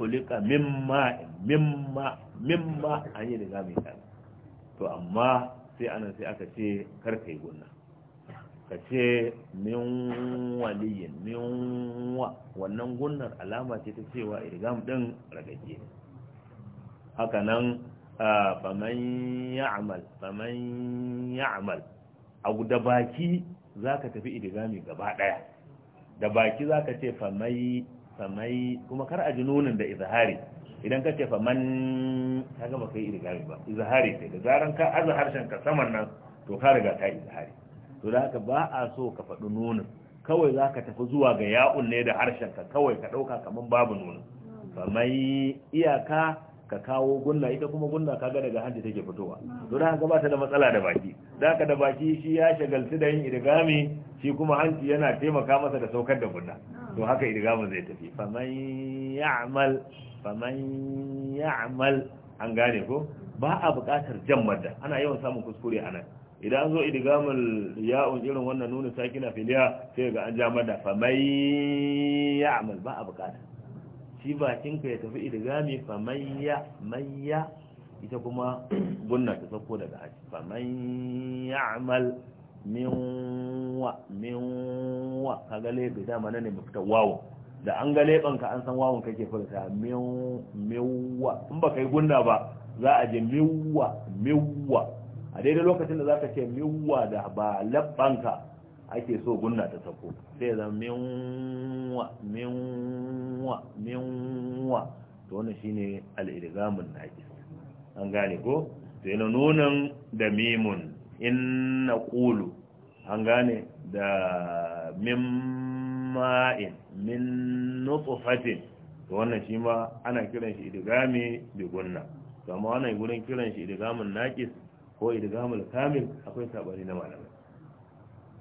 kulika mimma mimma mimma an yi riga mai kan to amma sai anan sai aka ce kar yi gunna ka ce min waliyin min wa wannan gunnar alama ce ta cewa irgam din ragage haka nan faman ya'mal faman ya'mal a da baki zaka tafi irgami gaba daya da baki za ka ce famai famai kuma kar a ji nunin da izahari idan ka ce faman ka gaba kai irgami ba izahari sai da zaran ka aza harshen ka saman nan to ka riga ka izahari to da haka ba a so ka faɗi nunin kawai za ka tafi zuwa ga ya'un ne da harshen ka kawai ka ɗauka kamar babu nunin famai iyaka ka kawo gunna ita kuma gunna kaga daga hanci take fitowa to da haka ba ta da matsala da baki da ka da baki shi ya shagaltu da yin idigami shi kuma hanci yana taimaka masa da saukar da guda to haka idigamin zai tafi faman ya'mal faman ya'mal an gane ko ba a buƙatar jan madda ana yawan samun kuskure a nan idan an zo idigamin ya'un irin wannan nuna sakina filiya sai ga an ja madda faman ya'mal ba a buƙata shi bakin ka ya tafi idigami faman ya man ya ita kuma gunna ta sauko daga haji faman ya'mal min wa min wa kaga lebe dama nan ne wawo da an gale banka an san wawon kake furta min minwa in ba kai gunna ba za a je minwa minwa a daidai lokacin da za ka ce miwa da ba labbanka ake so gunna ta sauko sai zan minwa minwa minwa to wannan shine al-idgamun najis an gane ko to yana nunan da mimun in na ƙulu an gane da min in min nutsufatin to wannan shi ma ana kiran shi idigami bi gunna to amma wannan gurin kiran shi idigamin naƙis ko idigamul kamil akwai sabari na malamai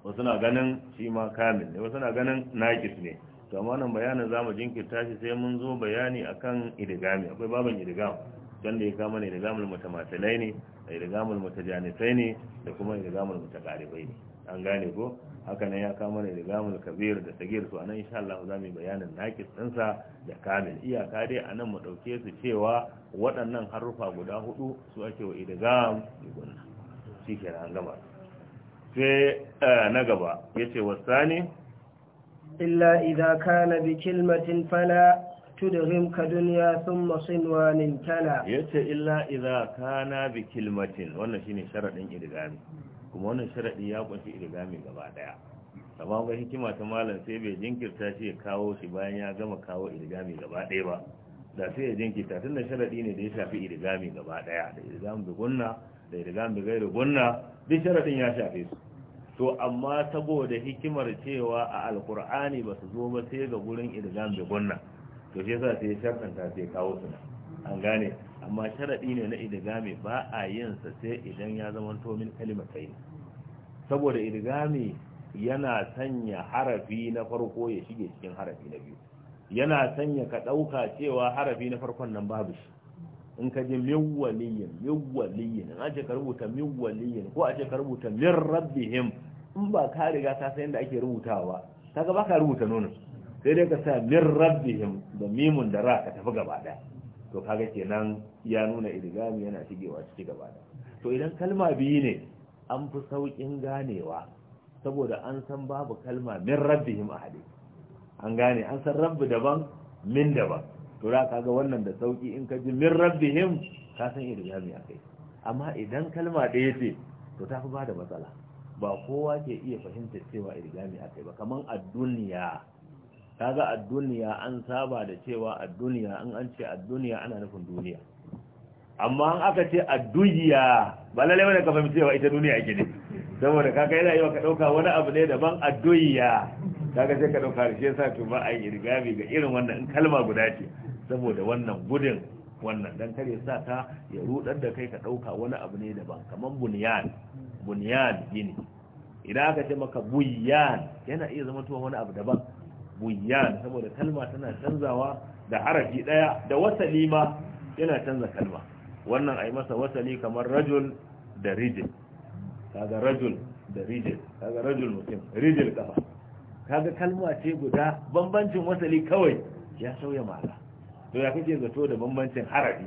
wasu na ganin shi ma kamil ne wasu na ganin naƙis ne to amma wannan bayanin zamu jinkirta shi sai mun zo bayani akan idigami akwai baban idigami wanda ya kama ne rigamul mutamatsalai ne da ilgamul mutajanisai ne da kuma rigamul mutaqaribai ne an gane ko haka nan ya kama ne rigamul kabir da sagir su anan insha Allah za mu bayanin naqis ɗinsa da kamil iyaka dai anan mu dauke su cewa waɗannan harufa guda hudu su ake wa idgham gunna shikenan an gama sai eh, na gaba yace wasani illa idza kana bi kalmatin fala tudrim ka duniya sun masin wanin tana ya ce illa iza kana bi kilmatin wannan shine sharaɗin irgami kuma wannan sharaɗi ya kunshi irgami gaba ɗaya amma ga hikima ta malam sai bai jinkirta shi ya kawo shi bayan ya gama kawo irgami gaba ɗaya ba da sai ya jinkirta tun da sharaɗi ne da ya shafi irgami gaba ɗaya da irgami bi gunna da irgami bi gairu gunna duk sharaɗin ya shafe su to amma saboda hikimar cewa a alkur'ani ba su zo ba sai ga gurin irgami bi gunna to shi yasa sai sharɗanta sai kawo su an gane amma sharaɗi ne na idigami ba a yin sa sai idan ya zama tomin kalimatai saboda idigami yana sanya harafi na farko ya shige cikin harafi na biyu yana sanya ka ɗauka cewa harafi na farkon nan babu shi in ka ji miwaliyin miwaliyin in ce ka rubuta miwaliyin ko a ce ka rubuta min rabbihim in ba ka riga ka san yadda ake rubutawa kaga ba ka rubuta nonon sai dai ka sa min rabbihim da mimun da ra ka tafi gaba da to kaga kenan ya nuna idgami yana shigewa ciki gaba da to idan kalma biyu ne an fi saukin ganewa saboda an san babu kalma min rabbihim a hadisi an gane an san rabbi daban min daban to da kaga wannan da sauki in ka ji min rabbihim ka san idgami kai. amma idan kalma ɗaya ce to ta fi ba matsala ba kowa ke iya fahimtar cewa idgami kai ba kaman a duniya kaga a duniya an saba da cewa a duniya an an ce a duniya ana nufin duniya amma an aka ce a duniya ba lalle wani ka fahimci cewa ita duniya ake ne saboda kaga yana yi ka dauka wani abu ne daban a duniya kaga sai ka dauka shi yasa to ba a yi rigabi ga irin wannan in kalma guda ce saboda wannan gudun wannan dan kare sa ka ya rudar da kai ka dauka wani abu ne daban kamar bunyan bunyan gini idan aka ce maka buyan yana iya zama wani abu daban buyyan saboda kalma tana canzawa da harafi daya da wasali ma yana canza kalma wannan ai masa wasali kamar rajul da rijil kaga rajul da rijil kaga rajul mutum rijil kafa kaga kalma ce guda bambancin wasali kawai ya sauya ma'ana to ya kake zato da bambancin harafi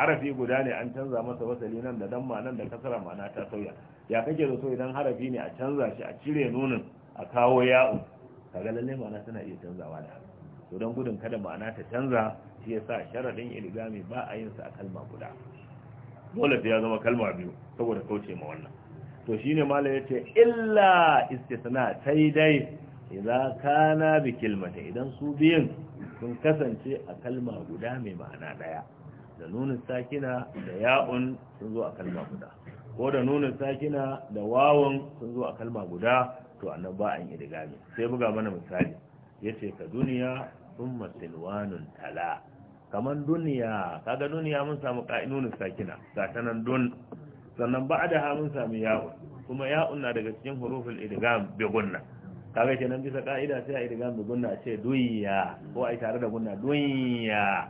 harafi guda ne an canza masa wasali nan da damma nan da kasara ma'ana ta sauya ya kake zato idan harafi ne a canza shi a cire nunin a kawo ya'u kaga lalle ma'ana tana iya canzawa da haka to don gudun kada ma'ana ta canza shi yasa sharadin iligami ba a yin sa a kalma guda dole sai ya zama kalma biyu saboda kauce ma wannan to shine mala yace illa istisna sai dai idan kana bi kalmata idan su biyun sun kasance a kalma guda mai ma'ana daya da nunin sakina da ya'un sun zo a kalma guda ko da nunin sakina da wawun sun zo a kalma guda to annan ba an idigami sai buga mana misali yace ka duniya thumma wanun tala kaman duniya kaga duniya mun samu qa'inun sakina nan dun sannan ba'daha mun samu ya'un kuma ya'un na daga cikin huruful idgham bi gunna kaga kenan bisa ƙa'ida sai a idgham bi gunna ce duniya ko ai tare da gunna duniya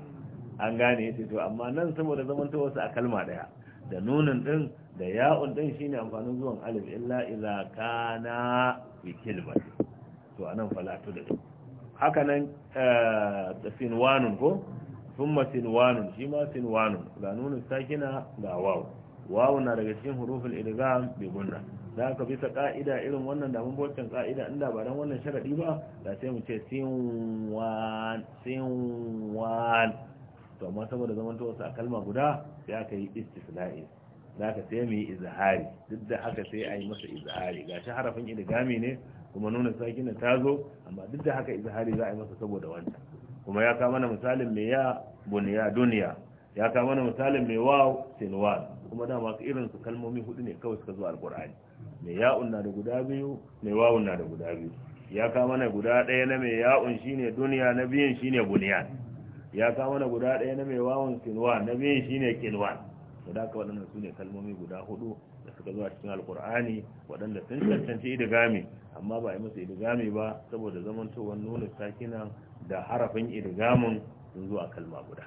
an gane yace to amma nan saboda zaman to wasu a kalma daya da nunin din da ya'un din shine amfanin zuwan alif illa idza kana bikil kilmati to anan falatu to da haka nan eh, sinwanun ko thumma sinwanun shi ma sinwanun ga nunin sakina ga wawu wawu na daga cikin huruful idgham bi gunna da ka bisa ka'ida irin wannan da mun bocin ka'ida inda ba dan wannan sharadi ba da sai mu ce sinwan sinwan to amma saboda zaman to wasu a kalma guda sai aka yi istisna'i za ka sai mai izahari duk da haka sai a yi masa izahari ga shi harafin idigami ne kuma nuna sakin ta zo amma duk da haka izahari za a yi masa saboda wancan kuma ya kama na misalin mai ya buniya duniya ya kama na misalin mai wa sinwan kuma dama ka irin su kalmomi hudu ne kawai suka zo alkur'ani mai ya'un na da guda biyu mai wawun na da guda biyu ya kama na guda ɗaya na mai ya'un shine duniya na biyun shine buniyan ya kawo mana guda ɗaya na mai wawan kilwa na biyu shine ne to da waɗannan su ne kalmomi guda hudu da suka zuwa cikin alkur'ani waɗanda sun cancanci idigami amma ba a yi musu idigami ba saboda zamantowar nuna sakinan da harafin idigamin sun zo kalma guda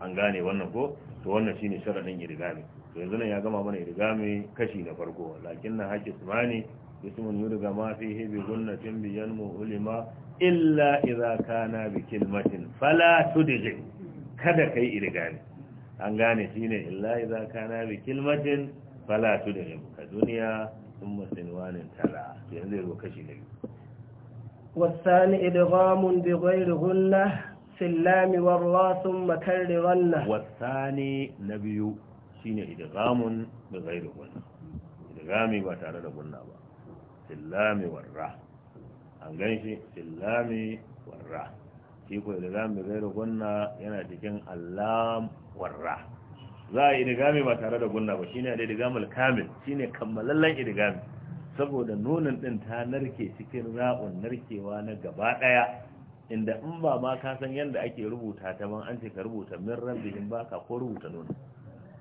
an gane wannan ko to wannan shine sharaɗin idigami to yanzu nan ya gama mana idigami kashi na farko lakin na haƙƙi tsimani ismun yurga ma fihi bi gunnatin biyan mu ulima illa idza kana bi fala tudghi kada kai irgani an gane shine illa idza kana bi kalmatin fala tudghi ka duniya thumma sinwanin tala yanzu zo kashi ne والثاني Ra بغير غنة في اللام والراء ثم كررنة والثاني نبي شين إدغام بغير غنة إدغامي وتعالى غنة في اللام Ra. an gan shi illami warra shi ko ilgami gairu gunna yana cikin allam warra za a idigami ba tare da gunna ba shine da idigamul kamil shine kammalallen idigami saboda nunin din ta narke cikin ra'un narkewa na gaba daya inda in ba ma ka san yadda ake rubuta ta ban an ce ka rubuta min rabbihim ba ka ko rubuta nunin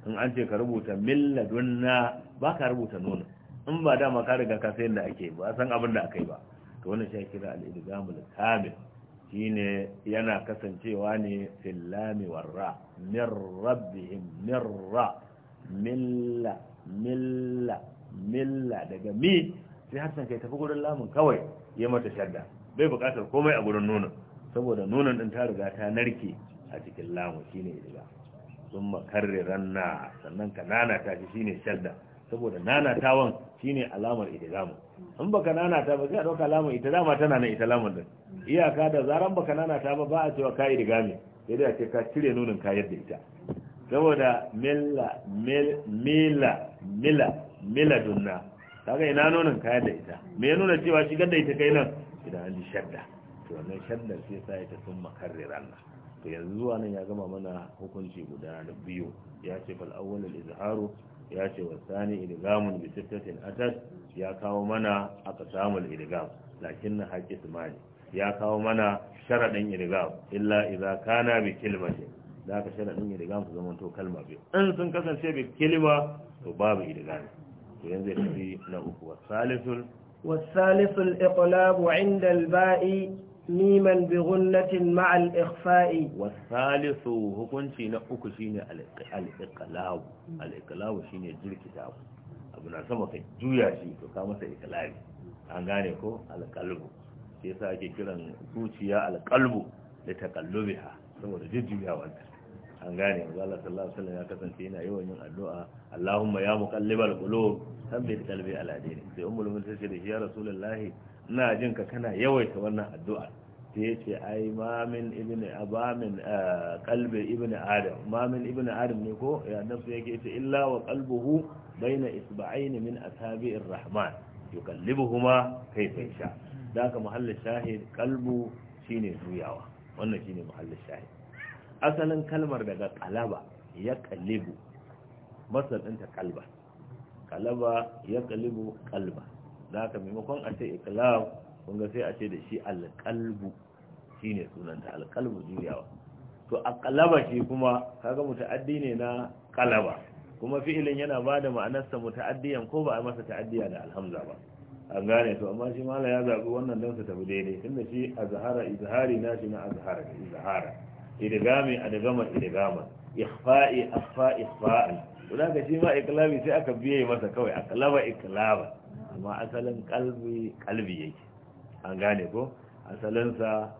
in an ce ka rubuta min ladunna ba ka rubuta nunin in ba dama ka riga ka san yadda ake ba san abin da akai ba to wannan shi kira al-idgamul kamil shine yana kasancewa ne fil warra mir rabbihim mir ra milla milla milla daga mi sai hassan kai tafi gurin lamun kawai ya mata shadda bai bukatar komai a gurin nunan saboda nunan din ta riga ta narke a cikin lamu shine idga sun makarriran na sannan kanana ta shi shine shadda saboda nanatawan shine alamar idgamu in baka nanata ba sai a dauka alamar ita dama tana nan ita lamar din iyaka da zaran baka nanata ba ba a cewa ka idgami sai dai a ce ka cire nunin ka yadda ita saboda milla mila mila mila dunna kaga ina nunin ka yadda ita me ya nuna cewa shigar da ita kai nan idan an ji shadda to wannan shaddar sai sa ita sun makarrar Allah to yanzu zuwa nan ya gama mana hukunci guda na biyu ya ce fal awwal al izharu ya ce wasani idgamun bi sittatin atad ya kawo mana aka samu idgam lakin na haƙi ismani ya kawo mana sharaɗin idgam illa idza kana bi kilmatin da aka sharadin idgam su zama to kalma biyu in sun kasance bi kilma to babu idgam to yanzu ya tafi na uku wasalisul والثالث inda عند الباء ميما بغنة مع الإخفاء والثالث هكونتي نأكو شيني الإقلاب الإقلاب شيني جل كتاب abu na sama ka juya shi to ka masa ikilari an gane ko alƙalbu sai sa ake kiran zuciya alƙalbu da takallubiha saboda jujjuyawa an gane yanzu Allah sallallahu alaihi ya kasance yana yawan yin addu'a Allahumma ya muqallibal qulub thabbit qalbi ala dinik sai ummul ta ce da shi ya rasulullahi ina jin ka kana yawaita wannan addu'a ta ya ce ai mamin ibn abamin kalbe eh, ibn adam mamin ibn adam ne ko ya nafsu yake ce illa wa qalbuhu baina isba'ain min asabi'ir rahman yukallibuhuma kayfa yasha daka muhallin shahid kalbu shine juyawa wannan shine muhallin shahid asalin kalmar daga kalaba ya kallibu masal ɗinta kalba kalaba ya kalibu kalba da haka maimakon a ce iqlam kun ga sai a ce da shi alqalbu shine sunanta alƙalbu juyawa to aqlaba shi kuma kaga muta'addi ne na kalaba kuma fi'ilin yana ba da ma'anarsa muta'addiyan ko ba a masa ta'addiya da alhamza ba an gane to amma shi mala ya zabi wannan dansa su tafi daidai tunda shi azhara izhari na shi na azhara izhara idgami adgama idgama ikhfa'i akhfa ikhfa'i to daga shi ma iqlabi sai aka biye masa kawai akalaba iklaba amma asalin kalbi kalbi yake an gane ko asalinsa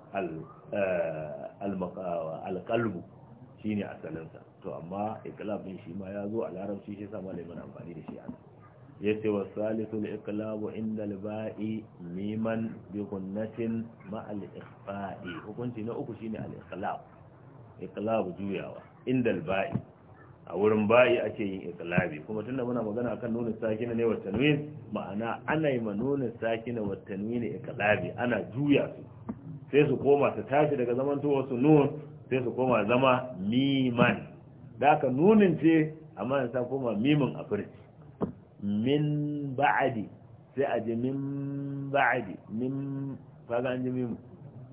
alƙalbu eh, shi ne asalinsa to amma ikilabin shi ma ya zo a larabci shi sama da amfani da shi ana ya ce wa salisul ikilabu inda ba'i miman bi kunnatin ma al hukunci na uku shine al-ikilab ikilabu juyawa inda ba'i. a wurin bayi ake yin iqlabi kuma tunda muna magana akan nunin sakina ne wa tanwin ma'ana ana yi ma nunin sakina wa tanwin iqlabi ana juya su sai su koma su tashi daga zaman tuwa su nun sai su koma zama miman da aka nunin ce amma yanzu ta koma miman a firci min ba'adi sai a ji min ba'adi min kaga an ji mimu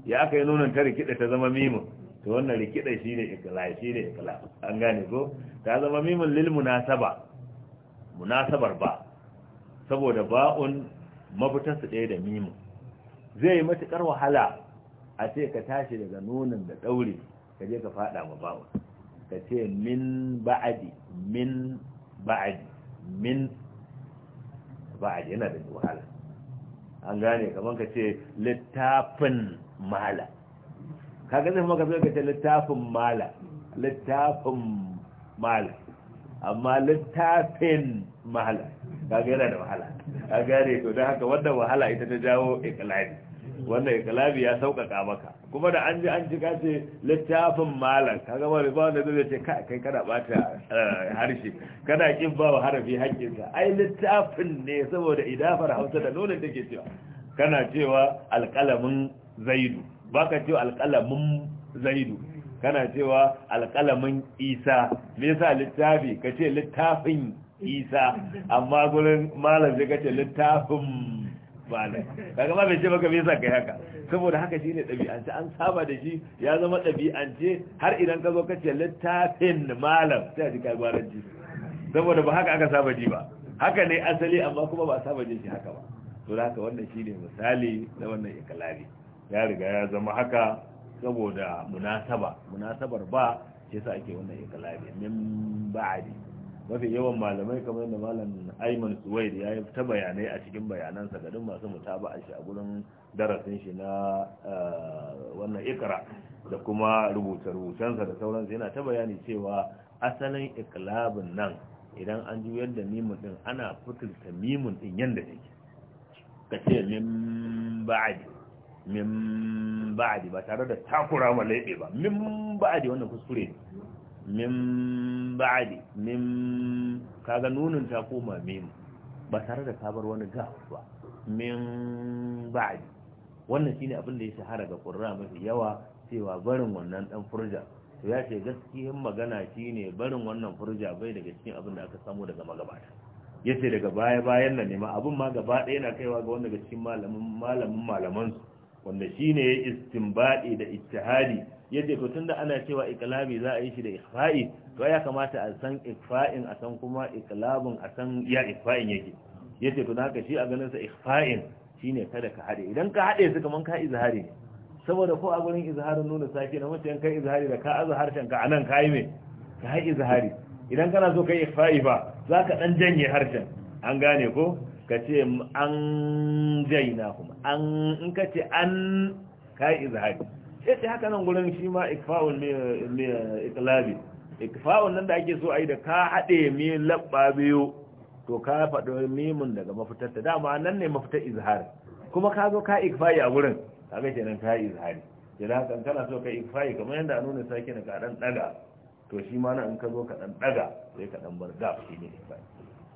ya aka yi nunin ta rikida ta zama mimun. to wannan rikida shine shi ne ikhlasi an gane ko ta zama mimun lil munasaba munasabar ba saboda ba'un mafitar su ɗaya da mimu zai yi matukar wahala a ce ka tashi daga nunin da daure ka je ka faɗa ma ba'un ka ce min ba'adi min ba'adi min ba'adi yana da wahala an gane kamar ka ce littafin mahala kaga zai maka zai kace littafin mala littafin mala amma littafin mala kaga yana da wahala a gane to dan haka wannan wahala ita ta jawo ikilabi wannan ikilabi ya sauƙaƙa maka kuma da an ji an ji kace littafin malam kaga ba ba wanda zai ce kai kana bata eh, harshe kana kin ba harafi ka ai littafin ne saboda idafar Hausa da nonin take cewa kana cewa alƙalamin zaidu baka cewa alƙalamin zaidu kana cewa alƙalamin isa me yasa littafi ka ce littafin isa amma gurin malam sai ka ce littafin malam kaga ma bai ce maka me yasa kai haka saboda haka shi ne ɗabi'ance an saba da shi ya zama ɗabi'ance har idan ka zo ka ce littafin malam sai a ji kai gwaranci saboda ba haka aka saba ji ba haka ne asali amma kuma ba saba ji shi haka ba to da haka wannan shi ne misali na wannan ikilari ya riga ya zama haka saboda munasaba munasabar ba ce sa ake wannan ikhlabi min ba'di mafi yawan malamai kamar da malam Ayman Suwaid ya yi ta bayanai a cikin bayanansa ga duk masu mutaba a shi a gurin darasin shi na eh, wannan ikra da kuma rubuce sa da sauransu yana ta bayani cewa asalin iklabin nan idan an juyar da mimun din ana fitilta mimun din yanda take ka ce min ba'di min ba'di ba tare da takura ma laibe ba min ba'di wannan kuskure ne min ba'di min kaga nunin ta koma min ba tare da sabar wani ga ba min ba'di wannan shine abin da ya shahara ga qurra mafi yawa cewa barin wannan dan furja to ya ce gaskiyar magana shine barin wannan furja bai daga cikin abin da aka samu daga magabata yace daga baya bayan nan ne ma abin ma gaba ɗaya yana kaiwa ga wanda ga cikin malamin malamin malaman su wanda shine ya istimbaɗi da ittihadi Yadda to tunda ana cewa iklabi za a yi shi da ikfa'i to ya kamata a san ikfa'in a san kuma iklabin a san ya ikfa'in yake yadda to naka shi a ganin sa ikfa'in shine kada ka hade idan ka hade su kaman ka izhari ne saboda ko a gurin izharin nuna saki na mutum kai izhari da ka shan ka anan kai me ka izhari idan kana so kai ikfai ba za ka dan janye harshen an gane ko ka ce an jaina kuma an in ka ce an kai izhari sai ce haka nan gurin shi ma ikfa'un mai ikilabi ikfa'un nan da ake so a yi da ka haɗe mai labba biyu to ka faɗo mimun daga mafitar ta dama nan ne mafitar izhari kuma ka zo ka ikfa'i a gurin kaga kenan ka yi izhari da haka kana so ka ikfa'i kamar yadda an nuna sake ka daga to shi ma na in ka zo ka ɗaga, sai ka ɗan bar gaf shi ne ikfa'i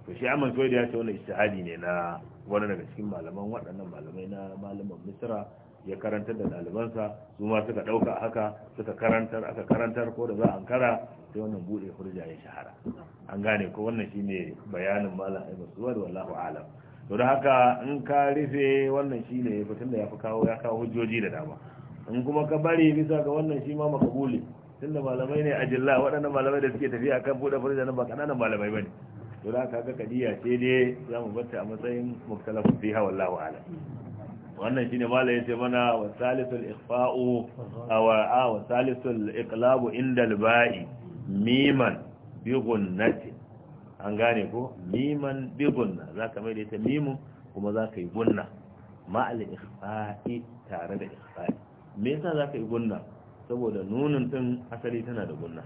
to shi amman kawai da ya ce wannan istihadi ne na wani daga cikin malaman waɗannan malamai na malaman misra ya karantar da ɗalibansa su ma suka ɗauka haka suka karantar aka karantar ko da za a ankara sai wannan buɗe hurja ya shahara an gane ko wannan shine bayanin malam aibar suwa da wallahu alam to da haka in ka rufe wannan shine tun da ya fi kawo ya kawo hujjoji da dama in kuma ka bari bisa ga wannan shi ma makabuli tunda malamai ne ajilla waɗannan malamai da suke tafiya kan buɗe hurja nan ba nan malamai bane to da ga kadiya ce dai za mu bata a matsayin muktalafu fiha wallahu a'lam wannan shine mala yace mana wa salisul ikhfa'u aw a wa salisul iqlabu inda al-ba'i miman bi gunnati an gane ko miman bi gunna zaka mai da ita mimun kuma zaka yi gunna ma al-ikhfa'i tare da ikhfa'i me yasa zaka yi gunna saboda nunin din asali tana da gunna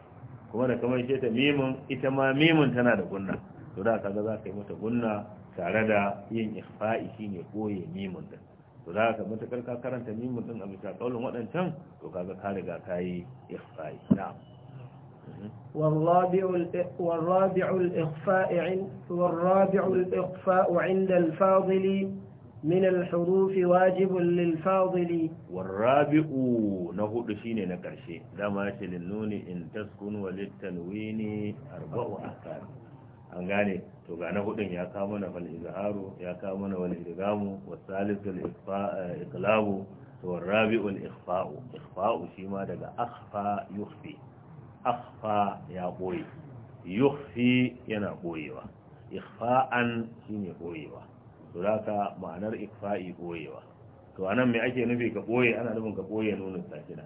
kuma da kamar shi ta mimun ita ma mimun tana da gunna to da kaga za ka yi mata gunna tare da yin ikhfa'i shine koye mimun din to da ka mata karka karanta mimun din a bisa kaulin waɗancan to kaga ka riga ka yi ikhfa'i na'am والرابع والرابع الإخفاء عند والرابع الإخفاء عند الفاضل من الحروف واجب للفاضل والرابع نهود شيء نكرشي دما للنون إن تسكن وللتنوين أربع أحكام an gane to ga na hudun ya kawo mana wal izharu ya kawo mana wal idgamu was salisul eh, iqlabu to rabi'ul ikhfa'u ikhfa'u shi ma daga akhfa yukhfi akhfa ya boye yukhfi yana boyewa ikhfa'an shine boyewa to haka ma'anar ikhfa'i boyewa to anan me ake nufi ka boye ana nufin ka boye nunin sakina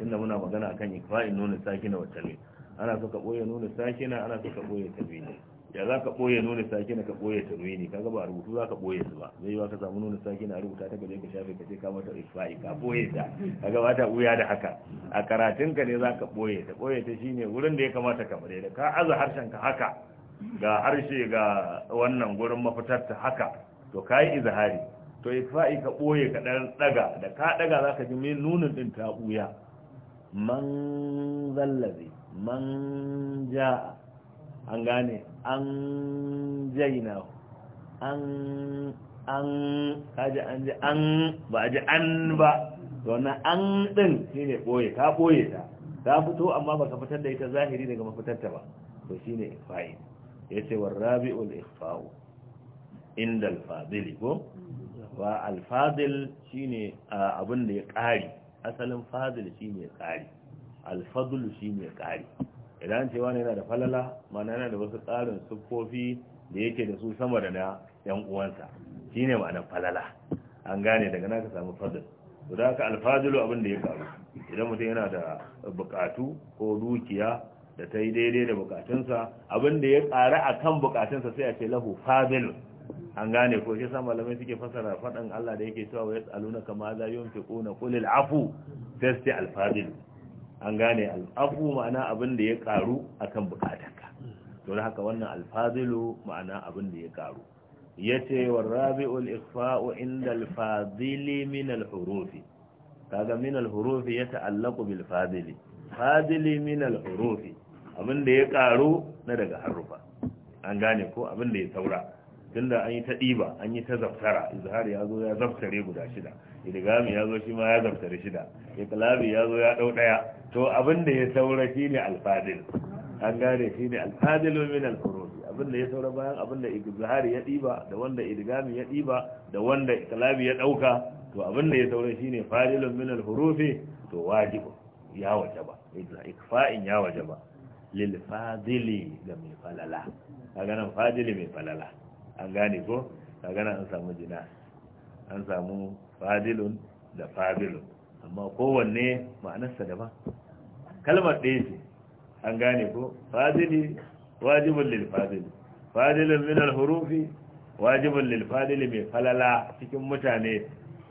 tunda muna magana akan ikhfa'in nunin sakina wacce ne ana so ka boye nunin sakina ana so ka boye tabini ya za ka ɓoye nuna na ka ɓoye ta ne kaga ba a rubutu za ka ɓoye su ba zai yiwa ka samu nuna sake na rubuta ta gaje ka shafe ka ce ka mata ifa'i ka ɓoye ta ka gaba ta wuya da haka a karatun ka ne za ka ɓoye ta ɓoye ta shine wurin da ya kamata ka bare da ka aza harshen ka haka ga harshe ga wannan gurin mafitar ta haka to ka yi izahari to ifa'i ka ɓoye ka ɗan ɗaga da ka ɗaga za ka ji mai nunin ɗin ta ɓuya man zallazi man ja'a an gane an jaina an an kaji an ji an ba a ji an ba wannan an shi ne ɓoye ka ɓoye ta ta fito amma baka fitar da ita zahiri daga mafitarta ba to ce wa rabi ul ikhfa'u inda alfadili ko wa al-fadil ne abin da ya ƙari. asalin fadil ne ƙari, al shi ne ƙari. idan an ce yana da falala mana yana da wasu tsarin siffofi da yake da su sama da na yan uwansa shine ma'anar falala an gane daga naka samu fadl to da haka abin da ya karu idan mutum yana da bukatu ko dukiya da ta yi daidai da bukatunsa abin da ya ƙara a kan bukatunsa sai a ce lahu an gane ko shi sama lamai suke fasara faɗin Allah da yake cewa wa yas'aluna kama za yunfiquna qulil afu sai sai an gane al'afu ma'ana abin da ya karu akan bukatarka don haka wannan alfazilu ma'ana abin da ya karu ya ce wa rabi'ul ikfa'u inda alfazili min alhurufi kaga min hurufi ya ta'allaku bil fazili fazili min alhurufi abin da ya karu na daga harufa an gane ko abin da ya saura tunda an yi ta ɗiba an yi ta zaftara izhar ya zo ya zaftare guda shida idgami ya zo shi ma ya gamsari shida iklabi ya zo ya dau daya to abin da ya saura shi ne alfadil an gane ne alfadil min alfurud abin da ya saura bayan abin da izhari ya diba da wanda idgami ya diba da wanda iklabi ya dauka to abin da ya saura shi ne fadil min alhurufi to wajibu ya wajaba ikfa'in ya wajaba lil fadili da mai falala kaga nan fadili mai falala an gane ko kaga nan an samu jina an samu fadilun da fadilun amma kowanne ma'anarsa daban kalmar ɗaya ce an gane ko fadili wajibin lil fadili fadilun min al-hurufi wajibin lil fadili mai falala cikin mutane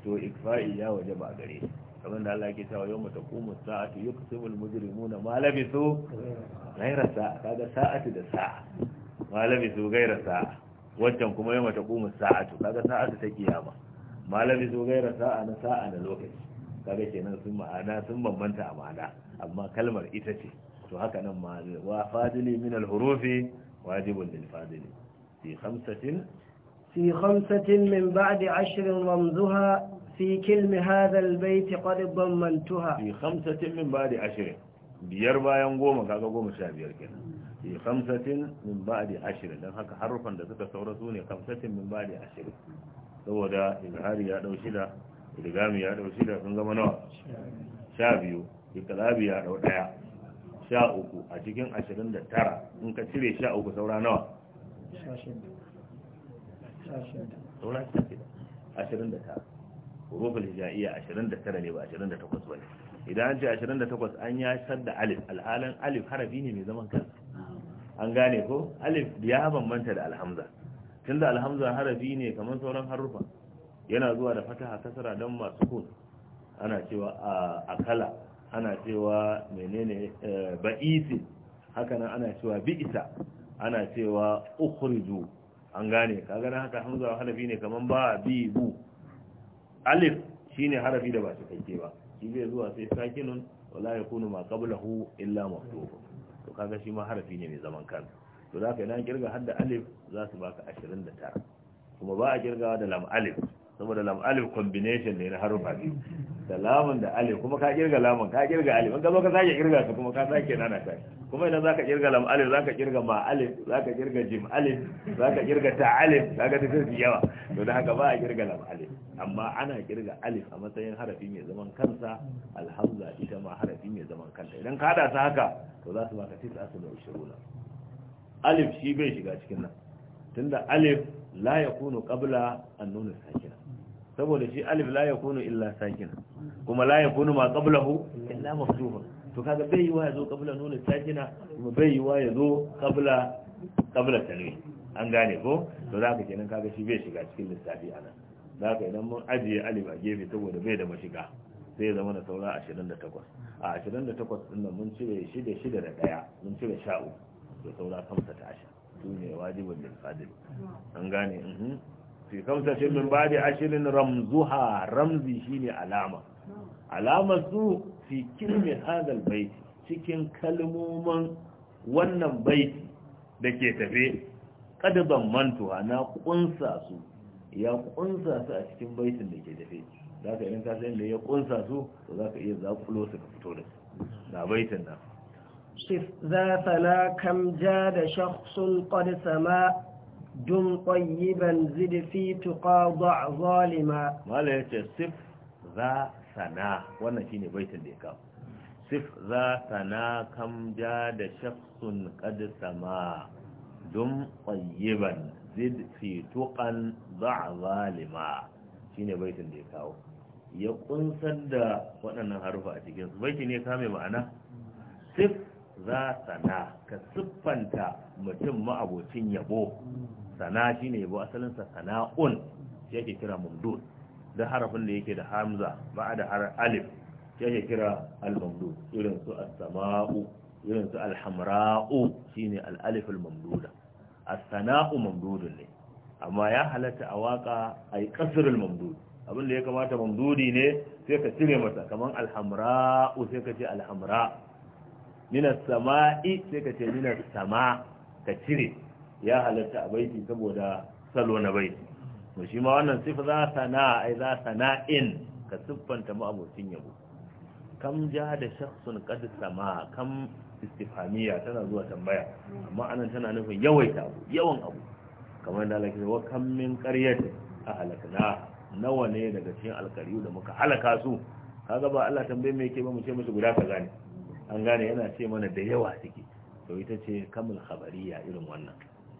to ikfa'i ya waje ba gare kamar da Allah ke cewa yau mata kuma sa'atu yi kusurul mujirimu na malami su gaira sa'a kaga sa'atu da sa'a malami su gaira sa'a wancan kuma yau mata kuma sa'atu kaga sa'atu ta kiyama malami zo gaira sa'a na sa'a na lokaci kaga kenan sun ma'ana sun bambanta a ma'ana amma kalmar ita ce to haka nan ma wa fadili min al-hurufi wajibun lil fadili fi khamsatin في خمسة من بعد عشر رمزها في كلم هذا البيت قد ضمنتها في خمسة من بعد عشر biyar bayan goma kaga goma sha biyar kenan fi khamsatin min ba'di ashirin dan haka harufan da suka saura su ne khamsatin min ba'di ashirin saboda izhari ya dau shida idgami ya dau shida sun zama nawa sha biyu iklabi ya dau daya sha uku a cikin ashirin da tara in ka cire sha uku saura nawa saura shida ashirin da tara hurufin hijaiya ashirin da tara ne ba ashirin da takwas ba ne idan an ce ashirin da takwas an ya shar da alif alhalin alif harafi ne mai zaman kansa an gane ko alif ya bambanta da alhamza tunda alhamza harafi ne kamar sauran harufa yana zuwa da fataha kasara don masu kun ana cewa akala ana cewa menene e, ba'isi hakanan ana cewa bi'isa ana cewa ukhrizu an gane kaga nan haka hamza harafi ne kamar ba bi bu alif shine harafi da ba shi kake ba shi zai zuwa sai sakinun wala yakunu ma qablahu illa maftuf to kaga shi ma harafi ne mai zaman kansa to za ka yi nan kirga hadda alif za su baka ashirin da tara kuma ba a kirgawa da lam alif saboda lam alif combination ne na harufa biyu da lamun da alif kuma ka kirga lamun ka kirga alif in ka zo ka sake kirga ka kuma ka sake nana ta kuma idan zaka kirga lam alif zaka kirga ma alif zaka kirga jim alif zaka kirga ta alif zaka ta sai yawa to da haka ba a kirga lam alif amma ana kirga alif a matsayin harafi mai zaman kansa alhamza ita ma harafi mai zaman kanta idan ka hada su haka to za su baka 29 alif shi bai shiga cikin nan tunda alif la kunu qabla an-nun sakina saboda shi alif la kunu illa sakina kuma la kunu ma qablahu illa maftuha to kaga bai yiwa yazo qabla nun sakina kuma bai yiwa yazo qabla qabla tanwi an gane ko to zaka kenan kaga shi bai shiga cikin lissafi anan zaka idan mun ajiye alif a gefe saboda bai da mashiga sai zama da saura 28 a 28 din nan mun cire 6 6 da 1 mun cire 13 to saura kamsa ta ashir su ne wajibin bil fadil an gane mhm. fi shi min ba da ashirin ramzuha ramzi shine alama alamar su fi kilmi hadal baiti cikin kalmomin wannan baiti da ke tafe kada ban mantuwa na kunsa su ya kunsa su a cikin baitin da ke tafe za ka irin kasayin da ya kunsa su to za ka iya zaƙulo su ka fito da su na baitin nan صف ذا ثنا كم جاد شخص قد سما دم طيبا زد في تقى ضع ظالما ما لا يتصف ذا وانا شيني بيت الإيقاف صف ذا كم جاد شخص قد سما dum ƙwayyiban zid fi tuƙan zalima shi ne baitin da ya kawo ƙunsar da waɗannan harufa a cikinsu baiti ne kame ma'ana sif za sana ka siffanta mutum ma'abocin yabo sana shine yabo asalinsa sana'un shi yake kira mumdud da harafin da yake da hamza ba a da harar alif shi yake kira al-mamdud irin su as-sama'u irin su al-hamra'u shine al-alif al-mamduda as-sana'u mamdudun ne amma ya halatta a waka ai kasr al-mamdud abin da ya kamata mamdudi ne sai ka cire masa kamar al-hamra'u sai ka ce al-hamra minas sama'i sai ka ce minas sama ka cire ya halatta a baiti saboda salo na baiti to shi ma wannan sifa za sana'a ai za sana'in ka siffanta mu abokin yabo kam ja da shakhsun qad sama kam istifhamiya tana zuwa tambaya amma anan tana nufin yawaita abu yawan abu kamar da Allah ke wa kam min qaryatin ahlakna nawa ne daga cikin alkariyu da muka halaka su kaga ba Allah tambaye me yake ba mu ce musu guda kaza ne an gane yana ce mana da yawa suke to ita ce kamul khabariya irin wannan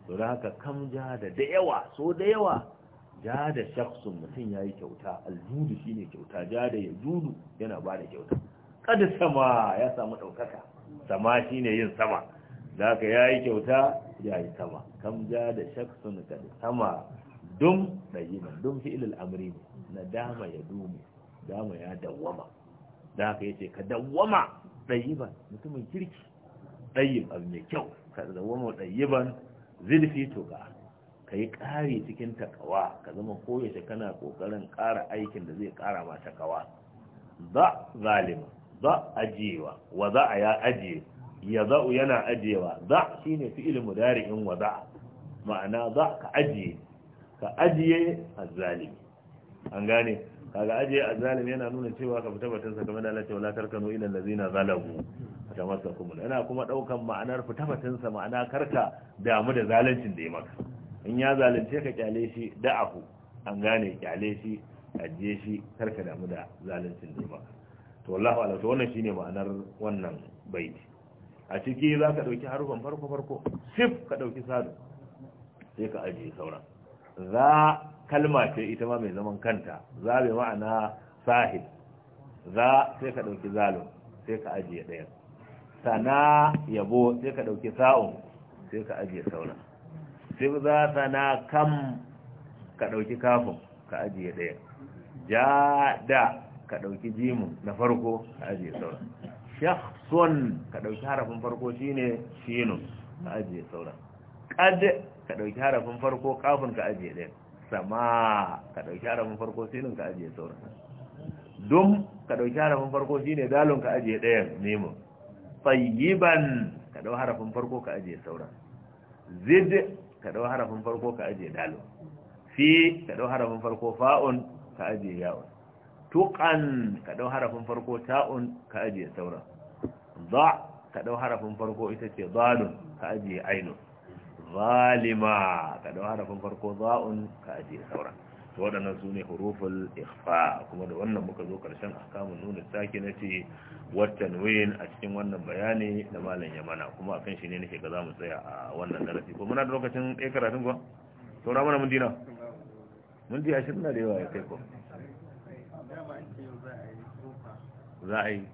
to da haka kam ja da da yawa so da yawa ja da shakhsun mutum yayi kyauta aljudu shine kyauta ja da judu yana ba da kyauta kada sama ya samu daukaka sama shine yin sama da haka yayi kyauta yayi sama kam ja da shakhsun kada sama dum dayiman dum fi ilal amri ne na dama ya dumu dama ya dawwama da haka yace ka dawwama ɗayyiban mutumin kirki ɗayyib abu mai kyau ka zama mu ɗayyiban to tuka ka yi ƙari cikin takawa ka zama koyaushe kana ƙoƙarin ƙara aikin da zai ƙara ma takawa za zalima za ajiyewa wa za ya ajiye ya za yana ajiyewa za shi ne fi'il mudari'in wa za ma'ana za ka ajiye ka ajiye azzalimi an gane kaga aje azalim yana nuna cewa ka fita batun sa kamar da Allah ce wala tarkanu ila allazina zalabu kuma yana kuma daukan ma'anar fita batun sa ma'ana karka damu da zaluncin da ya maka in ya zalunce ka kyale shi da da'ahu an gane kyale shi ajiye shi karka damu da zaluncin da ya maka to wallahi ala to wannan shine ma'anar wannan baiti a ciki zaka ɗauki harufan farko farko sif ka ɗauki sadu sai ka ajiye sauran za kalma ce ita ma mai zaman kanta za bai ma'ana sahib za sai ka ɗauki zalo sai ka ajiye ɗaya. sana yabo sai ka ɗauki sa'un sai ka ajiye sauran sai za sana kam ka ɗauki kafin ka ajiye ɗaya. ja da ka ɗauki jimin na farko ka ajiye sauran shakhsun ka ɗauki harafin farko shine shinun ka ajiye sauran kad ka ɗauki harafin farko kafin ka ajiye ɗaya sama ka ɗauki harafin farko sinin ka ajiye sauran dum ka ɗauki harafin farko shine dalon ka ajiye ɗayan nemo tsayiban ka ɗau harafin farko ka ajiye sauran zid ka ɗau harafin farko ka ajiye dalon fi ka ɗau harafin farko fa'un ka ajiye yawon tuƙan ka ɗau harafin farko ta'un ka ajiye sauran za ka ɗau harafin farko ita ce dalon ka ajiye ainun zalima ka da harafin farko za'un ka ajiye sauran to waɗannan su ne huruful ikhfa kuma da wannan muka zo a ahkamun nuna sake na ce watan wayin a cikin wannan bayani da malam yamana kuma akan shi ne nake ga mu tsaya a wannan darasi ko muna da lokacin ɗaya karatun kuwa saura mana mun dina mun ji ashirin na da yawa ya kai ko za a yi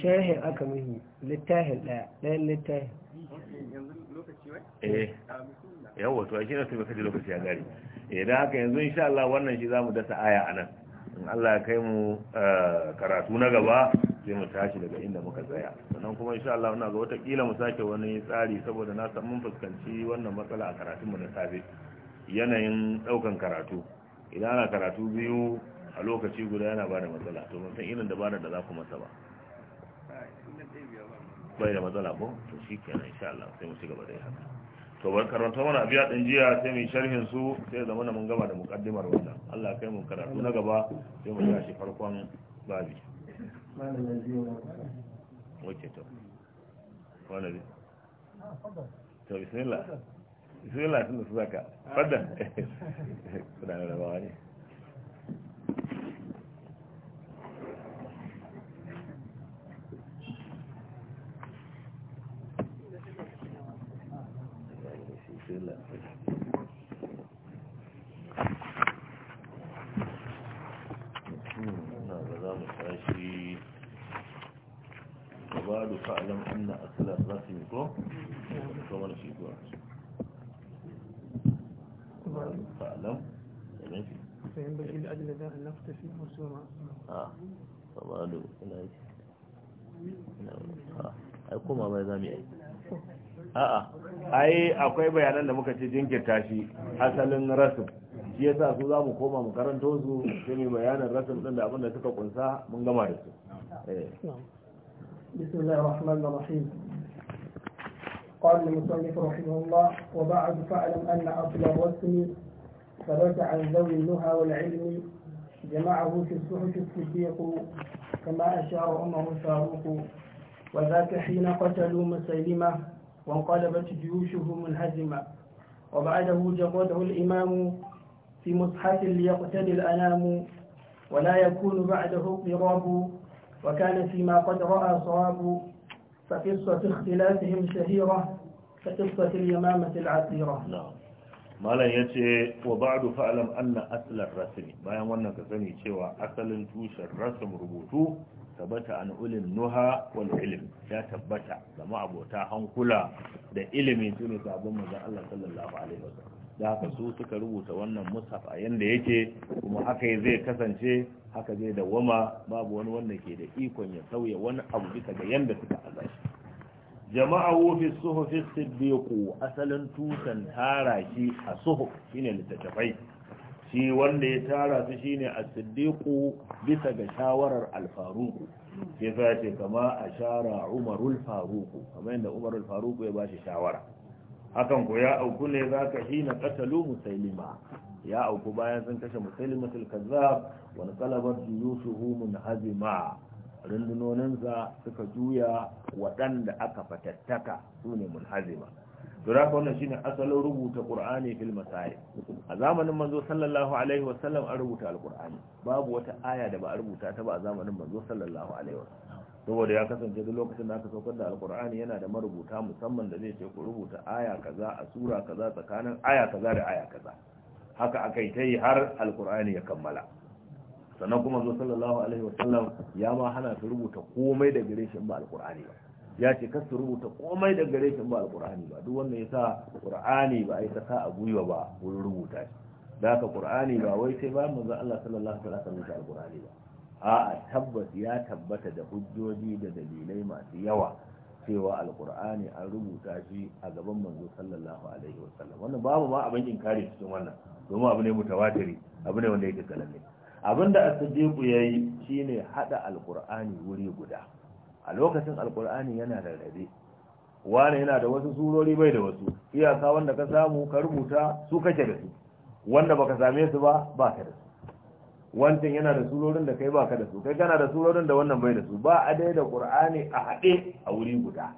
sharhin aka muhi littafin ɗaya ɗayan littafin eh wato to shi ne sai lokaci ya gari idan eh, haka yanzu insha Allah wannan shi zamu dasa aya anan in Allah ya kai mu eh, karatu na gaba sai mu tashi daga inda muka tsaya sannan kuma insha Allah muna ga wata kila mu sake wani tsari saboda na san mun fuskanci wannan matsala a karatunmu mu na safe yanayin ɗaukan karatu idan ana karatu biyu a lokaci guda yana ba da matsala to mun san irin dabarar da za ku masa ba bai da matsala ko to shi kenan insha Allah sai mu ci gaba da haka to bar karanta mana biya din jiya sai mu sharhin su sai zama mun gaba da muqaddimar wannan Allah kai mu karatu na gaba sai mu shi farkon babi wace to ne to bismillah bismillah sun da su zaka fadda da rabawa bismillah وبعد فاعلم أن أصل الرسم كله كمان في كله فاعلم فينبغي لأجل ذا أن نختفي مرسوما آه فبعد إلهي أنا أقوم أبا زامي أي a'a ai akwai bayanan da muka ce jinkirta shi asalin rasul shi yasa su za mu koma mu karanto su sai mai bayanan rasul din da abinda suka kunsa mun gama da su bismillahir rahmanir rahim قال المصنف رحمه الله وبعد فاعلم أن أصل الرسم ثبت عن ذوي النهى والعلم جمعه في الصحف الصديق كما أشار عمر الفاروق وذاك حين قتلوا مسيلمة وانقلبت جيوشه منهزمة وبعده جرده الإمام في مصحف ليقتدي الأنام ولا يكون بعده قراب وكان فيما قد رأى صواب فقصة اختلافهم شهيرة كقصة اليمامة العسيرة نعم لا ya وبعد فعلم أن أصل الرسم ما rasmi كثني wannan ka الرسم ربوتو tabbata an ulin nuha wal ilimi, ya tabbata zama abota hankula da ilimi su ne sabon manzon Allah sallallahu alaihi da haka su suka rubuta wannan mushaf a yanda yake kuma haka zai kasance haka zai dawama babu wani wanda ke da ikon ya sauya wani abu bisa ga yanda suka azashi jama'a wufi suhufi siddiqu asalin tutan tara shi a suhuf shine littattafai shi wanda ya tara su shine as-siddiqu bisa ga shawarar al-faruq ce kama ashara umarul faruq kamar yadda umarul faruq ya bashi shawara hakan ko ya auku ne zaka na qatalu musailima ya auku bayan sun kashe musailimatul kazzab wa nasalabat yusuhu munhazima rundunoninsa suka juya waɗanda aka fatattaka sune ne munhazima dura wannan shine asalin rubuta qur'ani fil masail a zamanin manzo sallallahu alaihi wa sallam an rubuta alqur'ani babu wata aya da ba a rubuta ta ba a zamanin manzo sallallahu alaihi wa saboda ya kasance duk lokacin da aka saukar da alqur'ani yana da marubuta musamman da zai ce ku rubuta aya kaza a sura kaza tsakanin aya kaza da aya kaza haka akai ta yi har alqur'ani ya kammala sannan kuma zo sallallahu alaihi wa sallam ya ma hana su rubuta komai da gare shi ba alqur'ani ba ya ce kar su rubuta komai da gare shi ba alqur'ani ba duk wanda ya sa qur'ani ba a yi saka a gwiwa ba wurin rubuta shi da aka qur'ani ba wai sai ba manzon Allah sallallahu alaihi wasallam ta alqur'ani ba a'a tabbas ya tabbata da hujjoji da dalilai masu yawa cewa alqur'ani an rubuta shi a gaban manzo sallallahu alaihi wasallam wannan babu ma abin inkari cikin wannan domin abu ne mutawatiri abu ne wanda yake kalalle abinda as-siddiq yayi shine hada alqur'ani wuri guda a lokacin alkur'ani yana rarrabe wane yana da wasu surori bai da wasu iyaka wanda ka samu ka rubuta su kake da su wanda baka same su ba ba ka da su wancan yana da surorin da kai ba ka da su kai kana da surorin da wannan bai da su ba a dai da qur'ani a haɗe a wuri guda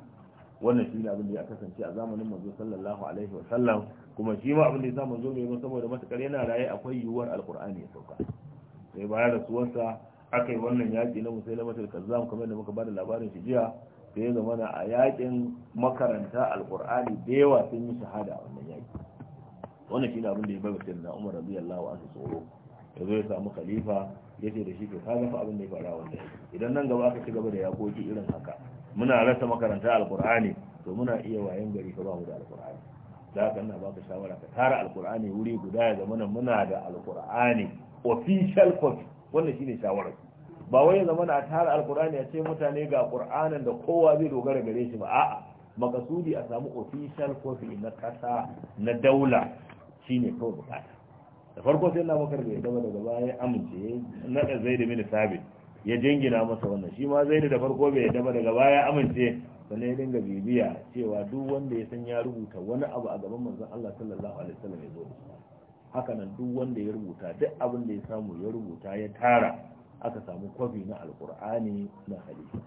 wannan shi ne abin da ya kasance a zamanin manzo sallallahu alaihi wa sallam kuma shi ma abin da ya sa zo ne saboda matakar yana raye akwai yiwuwar alqur'ani ya sauka sai bayan rasuwarsa aka yi wannan yaƙi na musulmatul kazzam kamar da muka bada labarin shi jiya da ya zama a yaƙin makaranta alƙur'ani da yawa sun yi shahada a wannan yaƙi wannan shi ne abin da ya bai na umar radiyallahu anhu tsoro ya zo ya samu khalifa ya ce da shi to ka fa abin da ya faru a wannan idan nan gaba aka ci gaba da yaƙoƙi irin haka muna rasa makaranta alƙur'ani to muna iya wayan gari ka ba mu da alƙur'ani da haka ina baka shawara ka tara alƙur'ani wuri guda ya zama muna da alƙur'ani official copy wannan shine shawarar ba wai zama na tara alqur'ani a ce mutane ga qur'anin da kowa zai dogara gare shi ba a'a makasudi a samu official kofi na kasa na daula shine kawai bukata da farko sai na bakar ya gaba daga baya amince na da zai da mini sabit ya jingina masa wannan shi ma zai da farko bai zama daga baya amince sannan ya dinga bibiya cewa duk wanda ya san ya rubuta wani abu a gaban manzon Allah sallallahu alaihi wasallam ya zo haka nan duk wanda ya rubuta duk abin da ya samu ya rubuta ya tara aka samu kwafi na alkur'ani na hadisi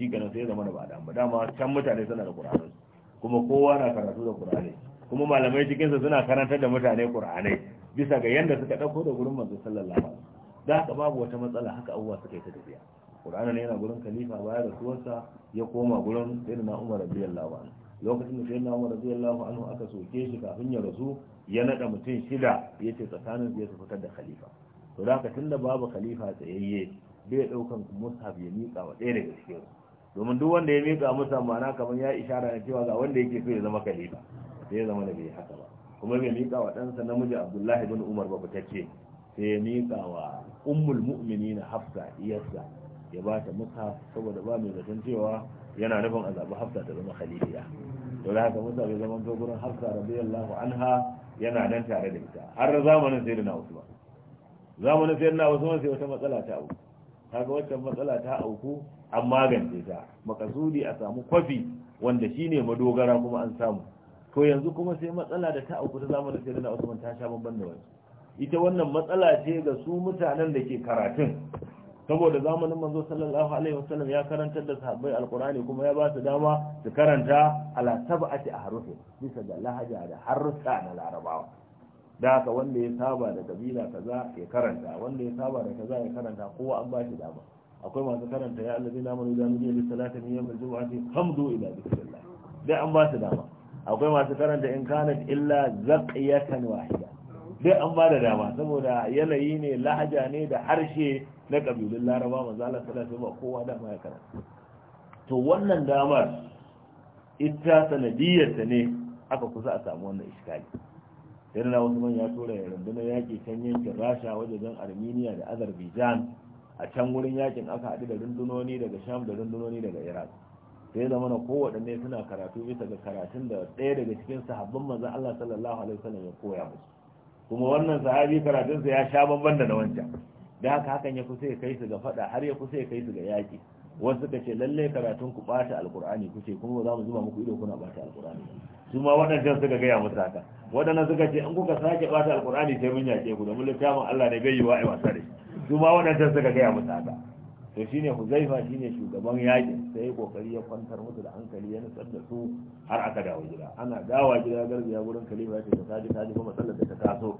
shi kana sai zama da ba da dama can mutane suna da qur'ani kuma kowa na karatu da qur'ani kuma malamai cikin su suna karantar da mutane qur'ani bisa ga yanda suka dauko da gurin manzo sallallahu alaihi wasallam da haka babu wata matsala haka abubuwa suka yi ta tafiya qur'ani ne yana gurin khalifa baya da suwarsa ya koma gurin sayyidina umar radiyallahu anhu lokacin da sayyidina umar radiyallahu anhu aka soke shi kafin ya rasu ya naɗa mutum shida ya ce tsakanin ya su fitar da khalifa to da tun tunda babu khalifa tsayayye bai ɗaukan mushaf ya miƙa wa ɗaya daga cikin domin duk wanda ya miƙa musa ma'ana kamar ya ishara da cewa ga wanda yake so ya zama khalifa sai ya zama da bai haka ba kuma bai miƙa wa ɗansa namiji abdullahi bin umar ba fitacce sai ya miƙa wa ummul na hafsa iyarsa ya ba ta mushaf saboda ba mai zaton cewa yana nufin a zaɓi hafsa ta zama khalifiya to da haka musa bai zama to gurin hafsa radiyallahu anha yana nan tare da ita har zamanin sai da na ba zamanin sai na wasu sai wata matsala ta auku kaga wata matsala ta auku an magance ta makasudi a samu kwafi wanda shine madogara kuma an samu to yanzu kuma sai matsala da ta auku ta zamanin sai na wasu ta sha bamban da wani ita wannan matsala ce ga su mutanen da ke karatun saboda zamanin manzo sallallahu alaihi wasallam ya karantar da sahabbai alqur'ani kuma ya ba su dama su karanta ala sab'ati ahrufi bisa ga lahaja da harsa na larabawa da haka wanda ya saba da kabila kaza ya karanta wanda ya saba da kaza ya karanta kowa an ba shi dama akwai masu karanta ya allazi na manu da nuje bis salati min yawm al-jum'ati hamdu ila dhikrillah dai an ba su dama akwai masu karanta in kanat illa zaqiyatan wahida dai an ba da dama saboda yanayi ne lahaja ne da harshe na ƙabilun laraba manzo Allah sallallahu kowa da ma ya karanta to wannan damar ita sanadiyarta ne aka kusa a samu wannan iskali yana na wasu ya tura ya rundunar yaƙi can yankin rasha wajen armenia da azerbaijan a can wurin yakin aka haɗu da rundunoni daga sham da rundunoni daga iraq sai zama na kowaɗanne suna karatu bisa ga karatun da ɗaya daga cikin sahabban manzan allah sallallahu alaihi wasallam ya koya musu kuma wannan sahabi karatunsa ya sha bamban da na wancan da haka hakan ya kusa ya kai su ga fada har ya kusa ya kai su ga yaki wasu suka ce lallai karatun ku bata alkur'ani kuce kuma za mu zuba muku ido kuna bata alkur'ani su ma waɗancan suka gaya musu haka waɗannan suka ce in kuka sake bata alkur'ani sai mun yaƙe ku da mun littafin Allah ne bai yi wa ai wasa da su ma waɗancan suka gaya musu haka to shine Huzaifa shine shugaban yakin sai kokari ya kwantar musu da hankali ya nutsar da su har aka dawo gida ana dawa gida garbiya gurin khalifa ya ce ka ji ta ji kuma sallar da ta taso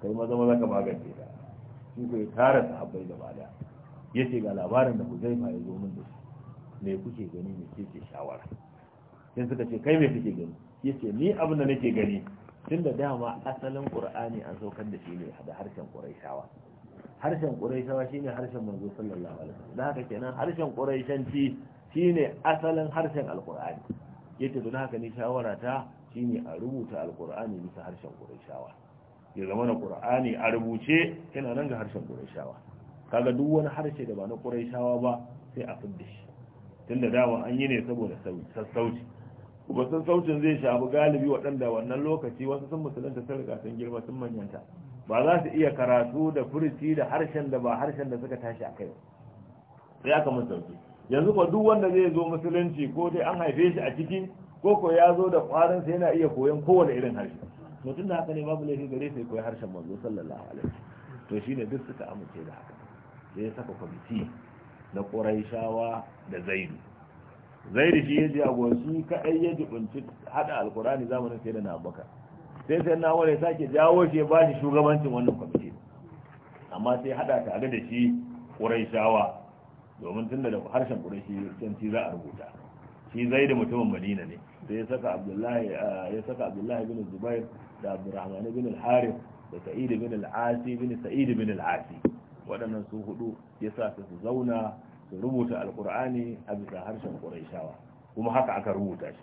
kai maza zama zaka magance ta shi ko ya tara sahabbai gaba daya yace ga labarin da Huzaifa ya zo min da shi me kuke gani me kike shawara sai suka ce kai me kuke gani yace ni abin da nake gani tun da dama asalin Qur'ani an saukar da shi ne da harshen Quraishawa harshen Quraishawa shine harshen manzo sallallahu alaihi wasallam da haka kenan harshen Quraishanci shine asalin harshen Alqur'ani yace don haka ne shawara ta shine a rubuta Alqur'ani bisa harshen Quraishawa ya zama na qur'ani a rubuce yana nan ga harshen qurayshawa kaga duk wani harshe da ba na qurayshawa ba sai a fidda shi tunda dama an yi ne saboda sassauci kuma sassaucin zai shafi galibi waɗanda wannan lokaci wasu sun musulunta sun riga sun girma sun manyanta ba za su iya karatu da furuci da harshen da ba harshen da suka tashi a kai sai aka sauki yanzu ba duk wanda zai zo musulunci ko dai an haife shi a ciki ko ko ya zo da kwarin sai yana iya koyon kowane irin harshe mutum da haka ne babu laifi gare sai koyi harshen manzo sallallahu alaihi sallam to shine duk suka amince da haka sai ya saka kwamiti na quraishawa da zaidu zaidu shi ya je a gonsu kaɗai ya jibinci haɗa alqurani zamanin sai da na abubakar sai sai na wani sake jawo shi ya bashi shugabancin wannan kwamiti amma sai haɗa tare da shi quraishawa domin tunda da harshen ƙuraishi canci za a rubuta shi zaidu mutumin madina ne sai ya saka abdullahi eh, ya saka abdullahi bin zubair da abdurrahman bin al-harith da sa'id bin al-asi bin sa'id bin al-asi waɗannan su hudu yasa su zauna su rubuta alkur'ani a bisa harshen ƙuraishawa kuma haka aka rubuta shi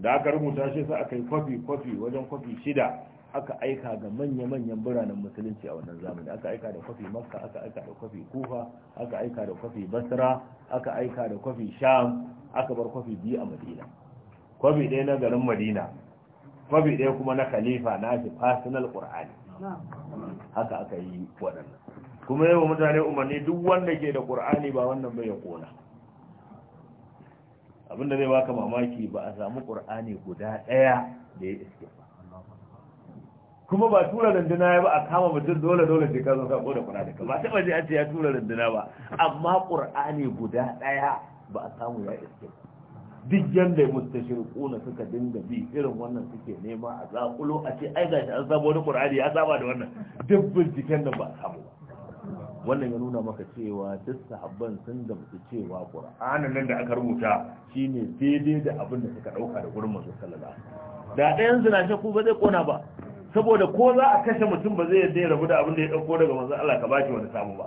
da aka rubuta shi sai aka yi kwafi kwafi wajen kwafi shida aka aika ga manya-manyan biranen musulunci a wannan zamani aka aika da kwafi makka aka aika da kwafi kufa aka aika da kwafi basra aka aika da kwafi sham aka bar kwafi biyu a madina kwafi ɗaya na garin madina kwabi ɗaya kuma na khalifa na shi fasinal ƙur'ani haka aka yi waɗannan kuma yawa mutane umarni duk wanda ke da ƙur'ani ba wannan bai ya ƙona abinda zai baka mamaki ba a samu ƙur'ani guda ɗaya da ya iske ba kuma ba tura runduna ya ba a kama mutum dole dole sai ka zo sako da kuna daga ba taɓa ji a ce ya tura runduna ba amma ƙur'ani guda ɗaya ba a samu ya iske ba duk yanda kuna suka dinga bi irin wannan suke nema a zaƙulo a ce ai gashi an samu wani qur'ani ya saba da wannan duk binciken da ba a samu wannan ya nuna maka cewa duk sahabban sun gamsu cewa qur'anin nan da aka rubuta shine daidai da abin da suka dauka da gurin manzo sallallahu alaihi wasallam da ɗayan zina shakku ba zai kona ba saboda ko za a kashe mutum ba zai yarda ya rabu da abin da ya dauko daga manzon Allah ka bashi wani samu ba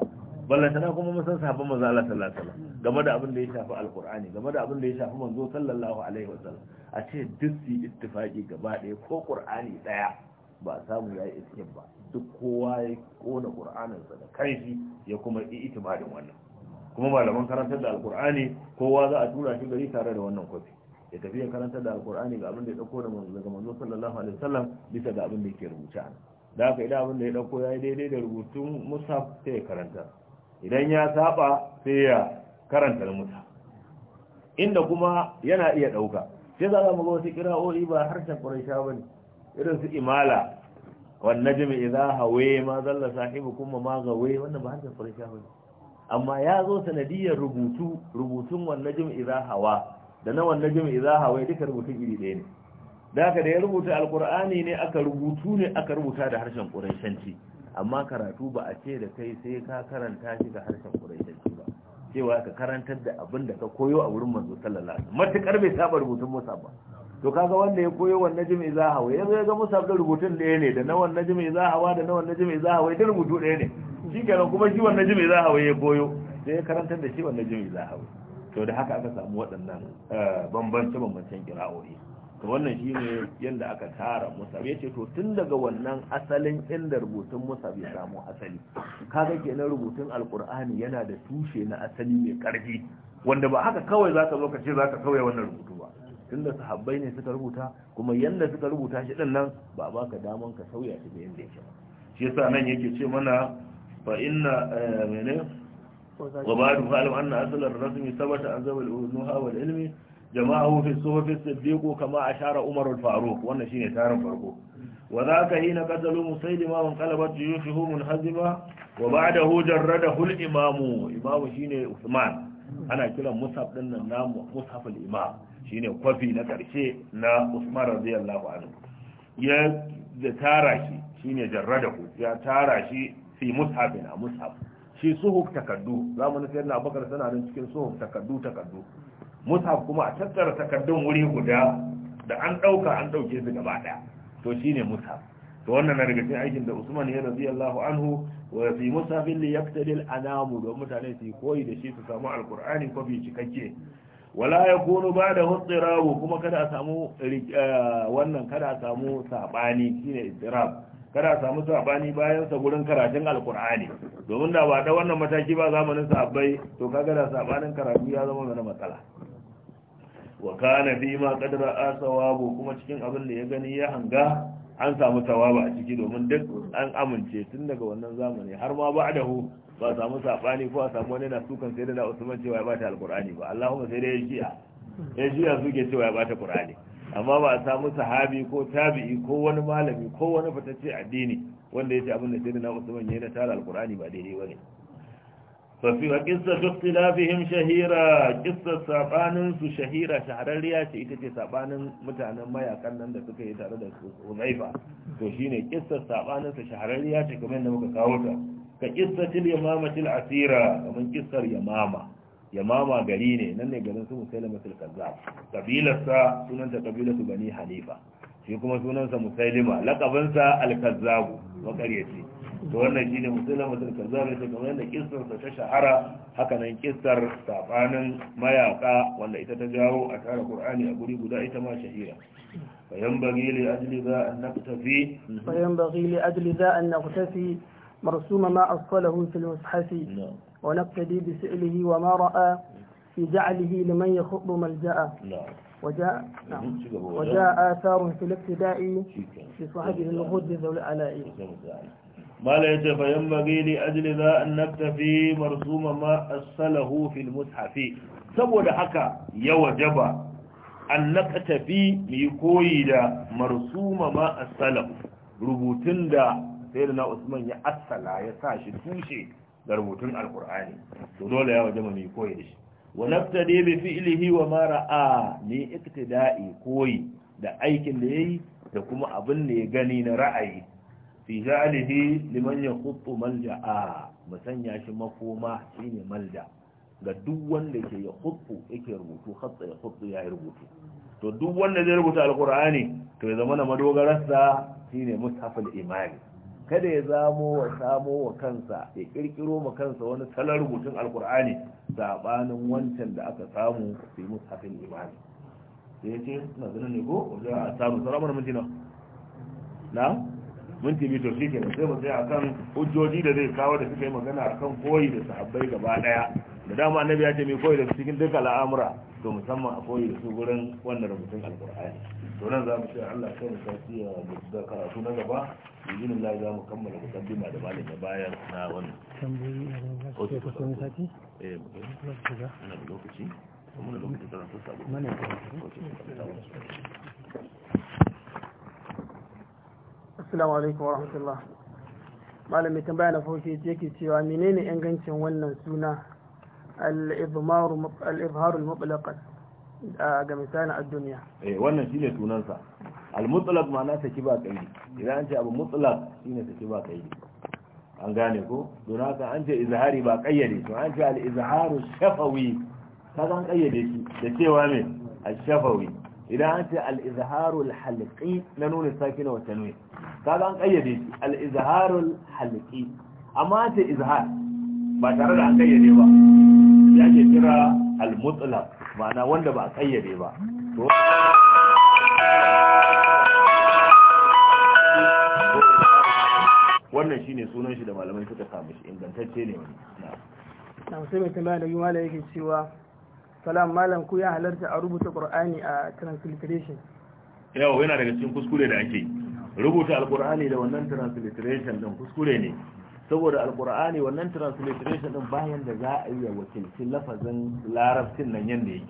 ballantana kuma mun san sahabban manzo Allah sallallahu alaihi wasallam game da abin da ya shafi alqur'ani game da abin da ya shafi manzo sallallahu alaihi wasallam a ce duk su ittifaqi gaba ɗaya ko qur'ani daya ba samu yayi iskin ba duk kowa ya kona qur'aninsa da kaifi ya kuma yi itibarin wannan kuma malaman karantar da alqur'ani kowa za a tura shi gari tare da wannan kwafi ya tafi ya karanta da alqur'ani ga abin da ya dauko daga manzo sallallahu alaihi wasallam bisa ga abin da yake rubuta da haka idan abin da ya dauko yayi daidai da rubutun musaf sai ya karanta idan ya saba sai ya karanta musa inda kuma yana iya ɗauka sai za a sai kira kira'o'i ba harshen ƙuraisha ba ne irin su imala wan najmi idza hawe ma zalla sahibukum kuma ma gawe wannan ba harshen ƙuraisha ba ne amma ya zo sanadiyar rubutu rubutun wan najmi idza hawa da na wan najmi idza hawa duka rubutun iri ɗaya ne da haka da ya rubuta Alƙur'ani ne aka rubutu ne aka rubuta da harshen ƙuraishanci amma karatu ba a ce da kai sai ka karanta shi ga harshen kuraitacci ba cewa ka karantar da abin da ka koyo a wurin manzo sallallahu alaihi wasallam matukar bai saba rubutun musa ba to kaga wanda ya koyo wannan najmi za hawa yanzu ya ga musa da rubutun ɗaya ne da na wannan najmi za hawa da na wannan najmi za hawa da rubutu ɗaya ne shikenan kuma shi wannan najmi za hawa ya koyo sai ya karantar da shi wannan najmi za hawa to da haka aka samu waɗannan eh, bambance bambancen kira'o'i to wannan shine yadda aka tara musab ya ce to tun daga wannan asalin inda rubutun musab ya samu asali kaga kenan rubutun alkur'ani yana da tushe na asali mai karfi wanda ba haka kawai zaka zo ka ce zaka kawai wannan rubutu ba tunda sahabbai ne suka rubuta kuma yanda suka rubuta shi din nan ba ba ka daman ka sauya shi da yanda yake ba shi yasa nan yake ce mana fa inna eh, mene wa ba'du fa'alam anna rasmi sabata an ilmi jama'ahu fi suhufi siddiqu kama ashara umar al-faruq wannan shine tarin farko wa zaka hina qatalu musailima wa qalabat juyushuhu munhazima wa ba'dahu jarradahu al-imamu imamu shine usman ana kiran musaf din nan namu musaf al-imam shine kwafi na karshe na usman radiyallahu anhu ya da tara shi shine jarradahu ya tara shi fi mushafin a mushaf shi suhuf takaddu zamanin sayyidina abubakar suna nan cikin suhuf takaddu takaddu mushaf kuma a tattara takardun wuri guda da an ɗauka an ɗauke su gaba ɗaya to shine musa to wannan na daga aikin da Usman ya radiyallahu anhu wa fi musafin li yaktadil anamu don mutane su koyi da shi su samu alqur'ani ko bi cikakke wala ya yakunu ba'da hutirabu kuma kada a samu eh, wannan kada a samu sabani shine istirab kada a samu sabani bayan sa gurin karatun alqur'ani domin da ba da wannan mataki ba zamanin sahabbai to kaga da sabanin karatu ya zama mana matsala wa kana fi ma qad asawabu kuma cikin abin da ya gani ya hanga an samu tawaba a ciki domin duk an amince tun daga wannan zamani har ma ba'dahu ba samu sabani ko a samu wani na sukan sai da Usman cewa ya bata alqur'ani ba Allahumma sai dai ya shi'a ya shi'a suke cewa ya bata qur'ani amma ba a samu sahabi ko tabi'i ko wani malami ko wani fatacce addini wanda ya ce abin da sai da Usman yayin na tara alqur'ani ba daidai bane fafi wa kissa tuktilafihim shahira kissa sabanin shahira shahararriya ce ita ce sabanin mutanen mayakan nan da suka yi tare da Huzaifa to shine kissa sabanin shahararriya ce kamar yadda muka kawo ta ka kissatil yamamatil asira kamar kissar yamama yamama gari ne nan ne garin su musailama kazzab kabilarsa sunanta kabilatu bani hanifa shi kuma sunansa musailima lakabinsa alkazzabu makaryaci to wannan shine musailima alkazzabu yace kamar yadda kissar ta shahara haka nan kissar sabanin mayaka wanda ita ta jawo a tara qur'ani a guri guda ita ma shahira li ajli za an naktafi فينبغي لأجل li ajli za an naktafi marsuma ma نقتفي fil mushafi wa naktadi bi ونقتدي wa ma ra'a fi جعله liman يخط malja'a وجاء وجاء آثار في الابتداء في صحبه الوجود ذو العلاء ما لا ينبغي لأجل ذا أن نكتفي مرسوم ما أرسله في المصحف سبب حكا يوجب أن نكتفي ميكوي دا مرسوم ما أرسله rubutun da sayyidina Usman ya assala ya sa shi tushe da rubutun alkur'ani to dole ya waje mai koyi da shi wa naftade bi fi'lihi wa ma ra'a ni iktida'i koyi da aikin da yayi da kuma abin da ya gani na ra'ayi fi ja'alihi liman A malja'a musanya shi makoma shine malja ga duk wanda ke ya khuttu yake rubutu khatta ya khuttu ya rubutu to duk wanda zai rubuta alqur'ani to ya zama na madogararsa shine mushaful imani kada ya zamo wa samo wa kansa ya kirkiro ma kansa wani salar rubutun alkur'ani sabanin wancan da aka samu fi mushafin imani sai ce na zana ne ko wajen a samu sara mana minti na na minti mito shi ke sai mu sai akan hujjoji da zai kawo da suka yi magana akan koyi da sahabbai gaba daya da dama annabi ya ce mai koyi da cikin duka al'amura to musamman a koyi da su gurin wannan rubutun alkur'ani nan za mu ce Allah kai mu da karatu na gaba yin Allah za mu kammala mukaddima da malam da bayan na wannan tambayi ne ko da na lokaci kuma da assalamu alaikum wa rahmatullah tambaya na farko yake cewa menene ingancin wannan suna al-ibharu al-ibharu ga misalin ad-dunya eh wannan shine sunansa al-mutlaq ma'ana saki ba kai idan an ce abu mutlaq shine saki ba kai an gane ko don haka an ce izhari ba kayyade to an ce al-izharu shafawi kaga an kayyade shi da cewa me al-shafawi idan an ce al-izharu al-halqi na nuna sakina wa tanwin kaga an kayyade shi al-izharu al-halqi amma an ce izhar ba tare da an kayyade ba ya ke kira al-mutlaq ma'ana wanda ba a kayyade ba to wannan shine sunan shi da malamai suka samu shi ingantacce ne wani na sai mai tambaya da yuma yake cewa salam malam ku ya halarta a rubuta qur'ani a transliteration yau yana daga cikin kuskure da ake rubuta alqur'ani da wannan transliteration don kuskure ne saboda alkur'ani wannan transliteration din bayan da za a yi wa wakilcin lafazin larabcin nan yadda yake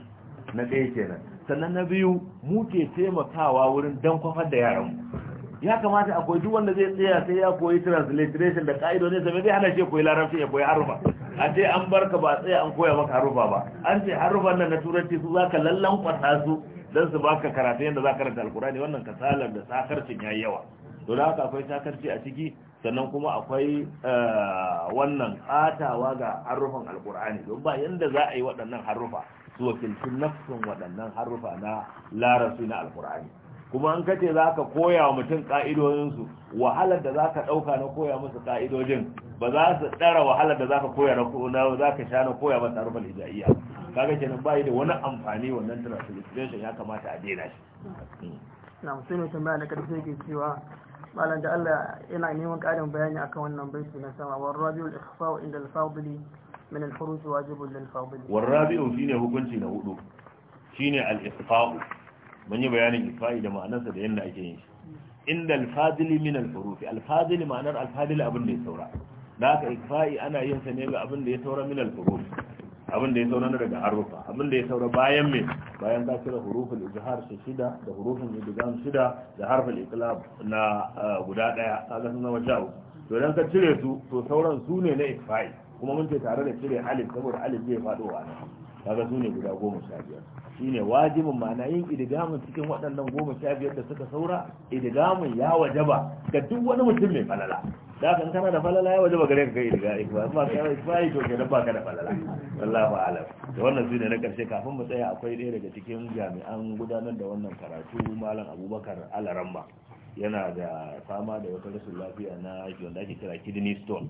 na ɗaya kenan sannan na biyu mu ke taimakawa wurin dan kwafar da yaran mu ya kamata akwai duk wanda zai tsaya sai ya koyi transliteration da ka'idodin sa zai hana shi koyi larabci ya koyi harufa a ce an barka ba tsaya an koya maka harufa ba an ce harufan nan na turanci su zaka lallan kwata su dan su baka karatu yadda za ka karanta alkur'ani wannan kasalar da sakarcin yayi yawa to da haka akwai takarci a ciki sannan kuma akwai eh, wannan katawa ga harufan alkur'ani don ba yadda za a yi waɗannan harufa su wakilci nafsun waɗannan harufa na larasu na alkur'ani kuma an kace za ka koya wa mutum ƙa'idojinsu wahalar da za ka ɗauka na koya musu ƙa'idojin ba za su ɗara wahalar da za ka koya na za ka sha na koya masa harufan hijaiya kaga kenan ba yi da wani amfani wannan translation ya kamata a daina shi na musulmi tambaya da karfe ke cewa malam da Allah yana neman ƙarin bayani akan wannan baiti na sama wa rabiul ikhfa'u inda al-fadli min al-furuj wajibun lil fadli wa rabiu shine hukunci na hudu shine al-ikhfa'u mun yi bayanin ifa'i da ma'anarsa da yanda ake yin shi inda al-fadli min al-furuj al-fadli ma'anar al-fadli abin da ya saura da haka ifa'i ana yin sa ne ga abin da ya saura min al-furuj abin da ya saura daga harufa abin da ya saura bayan mai bayan ka cire hurufin ijhar su shida da hurufin idgham shida da harfin iqlab na eh, guda daya kaga sun zama sha to idan ka cire su to sauran su ne na ifai kuma mun ce tare da cire alif saboda alif zai faɗo wa nan kaga su ne guda goma sha biyar shine wajibin ma'ana yin idigamun cikin waɗannan goma sha biyar da suka saura idigamun ya wajaba ga duk wani mutum mai falala da kan kana da falala ya waje ba gare ka kai riga ba ba ka yi to da ba ka da falala wallahu alam da wannan zuwa na karshe kafin mu tsaya akwai ɗaya daga cikin jami'an gudanar da wannan karatu malam abubakar alaramba yana da fama da wata rashin lafiya na wanda ake kira kidney stone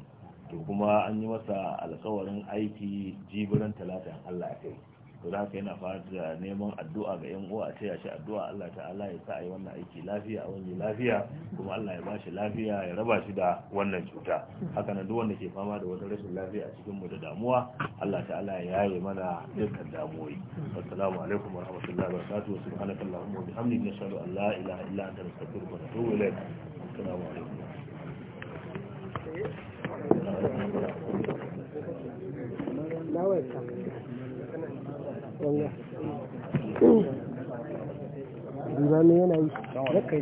to kuma an yi masa alƙawarin aiki jibiran talata Allah ya kai to da haka yana fata neman addu'a ga yan uwa a taya shi addu'a Allah ta'ala ya sa a yi wannan aiki lafiya a wani lafiya kuma Allah ya bashi lafiya ya raba shi da wannan cuta haka na duk wanda ke fama da wata rashin lafiya a cikin mu da damuwa Allah ta'ala ya yaye mana dukkan damuwoyi assalamu alaikum wa wabarakatuh wa subhanaka allahumma wa bihamdika nashhadu an la ilaha illa anta nastaghfiruka wa natubu ilayk assalamu alaikum Now it's coming. Zane yana yi, na kai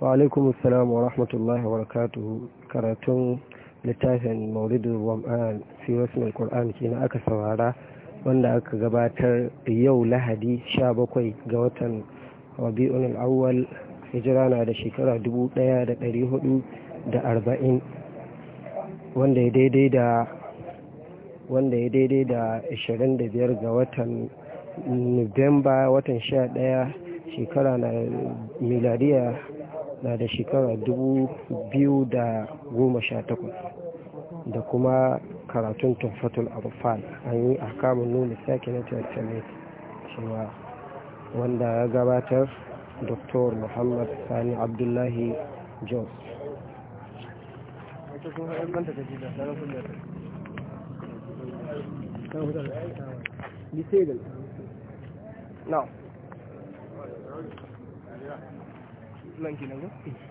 وعليكم السلام littafin mauridin rom'an fi wasu mai ƙul'an ke aka saurara wanda aka gabatar yau lahadi 17 ga watan rabi'un al'awwal hijira na da shekara 1440 wanda ya daidai da wanda ya daidai da 25 ga watan nuvemba watan 11 shekara na miladiya na da shekara 2018 da kuma karatun tuhfatul arfan an yi ahkamun nuna sakinati at-tamim cewa wanda ya gabatar Dr. Muhammad Sani Abdullahi Jos.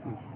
Now.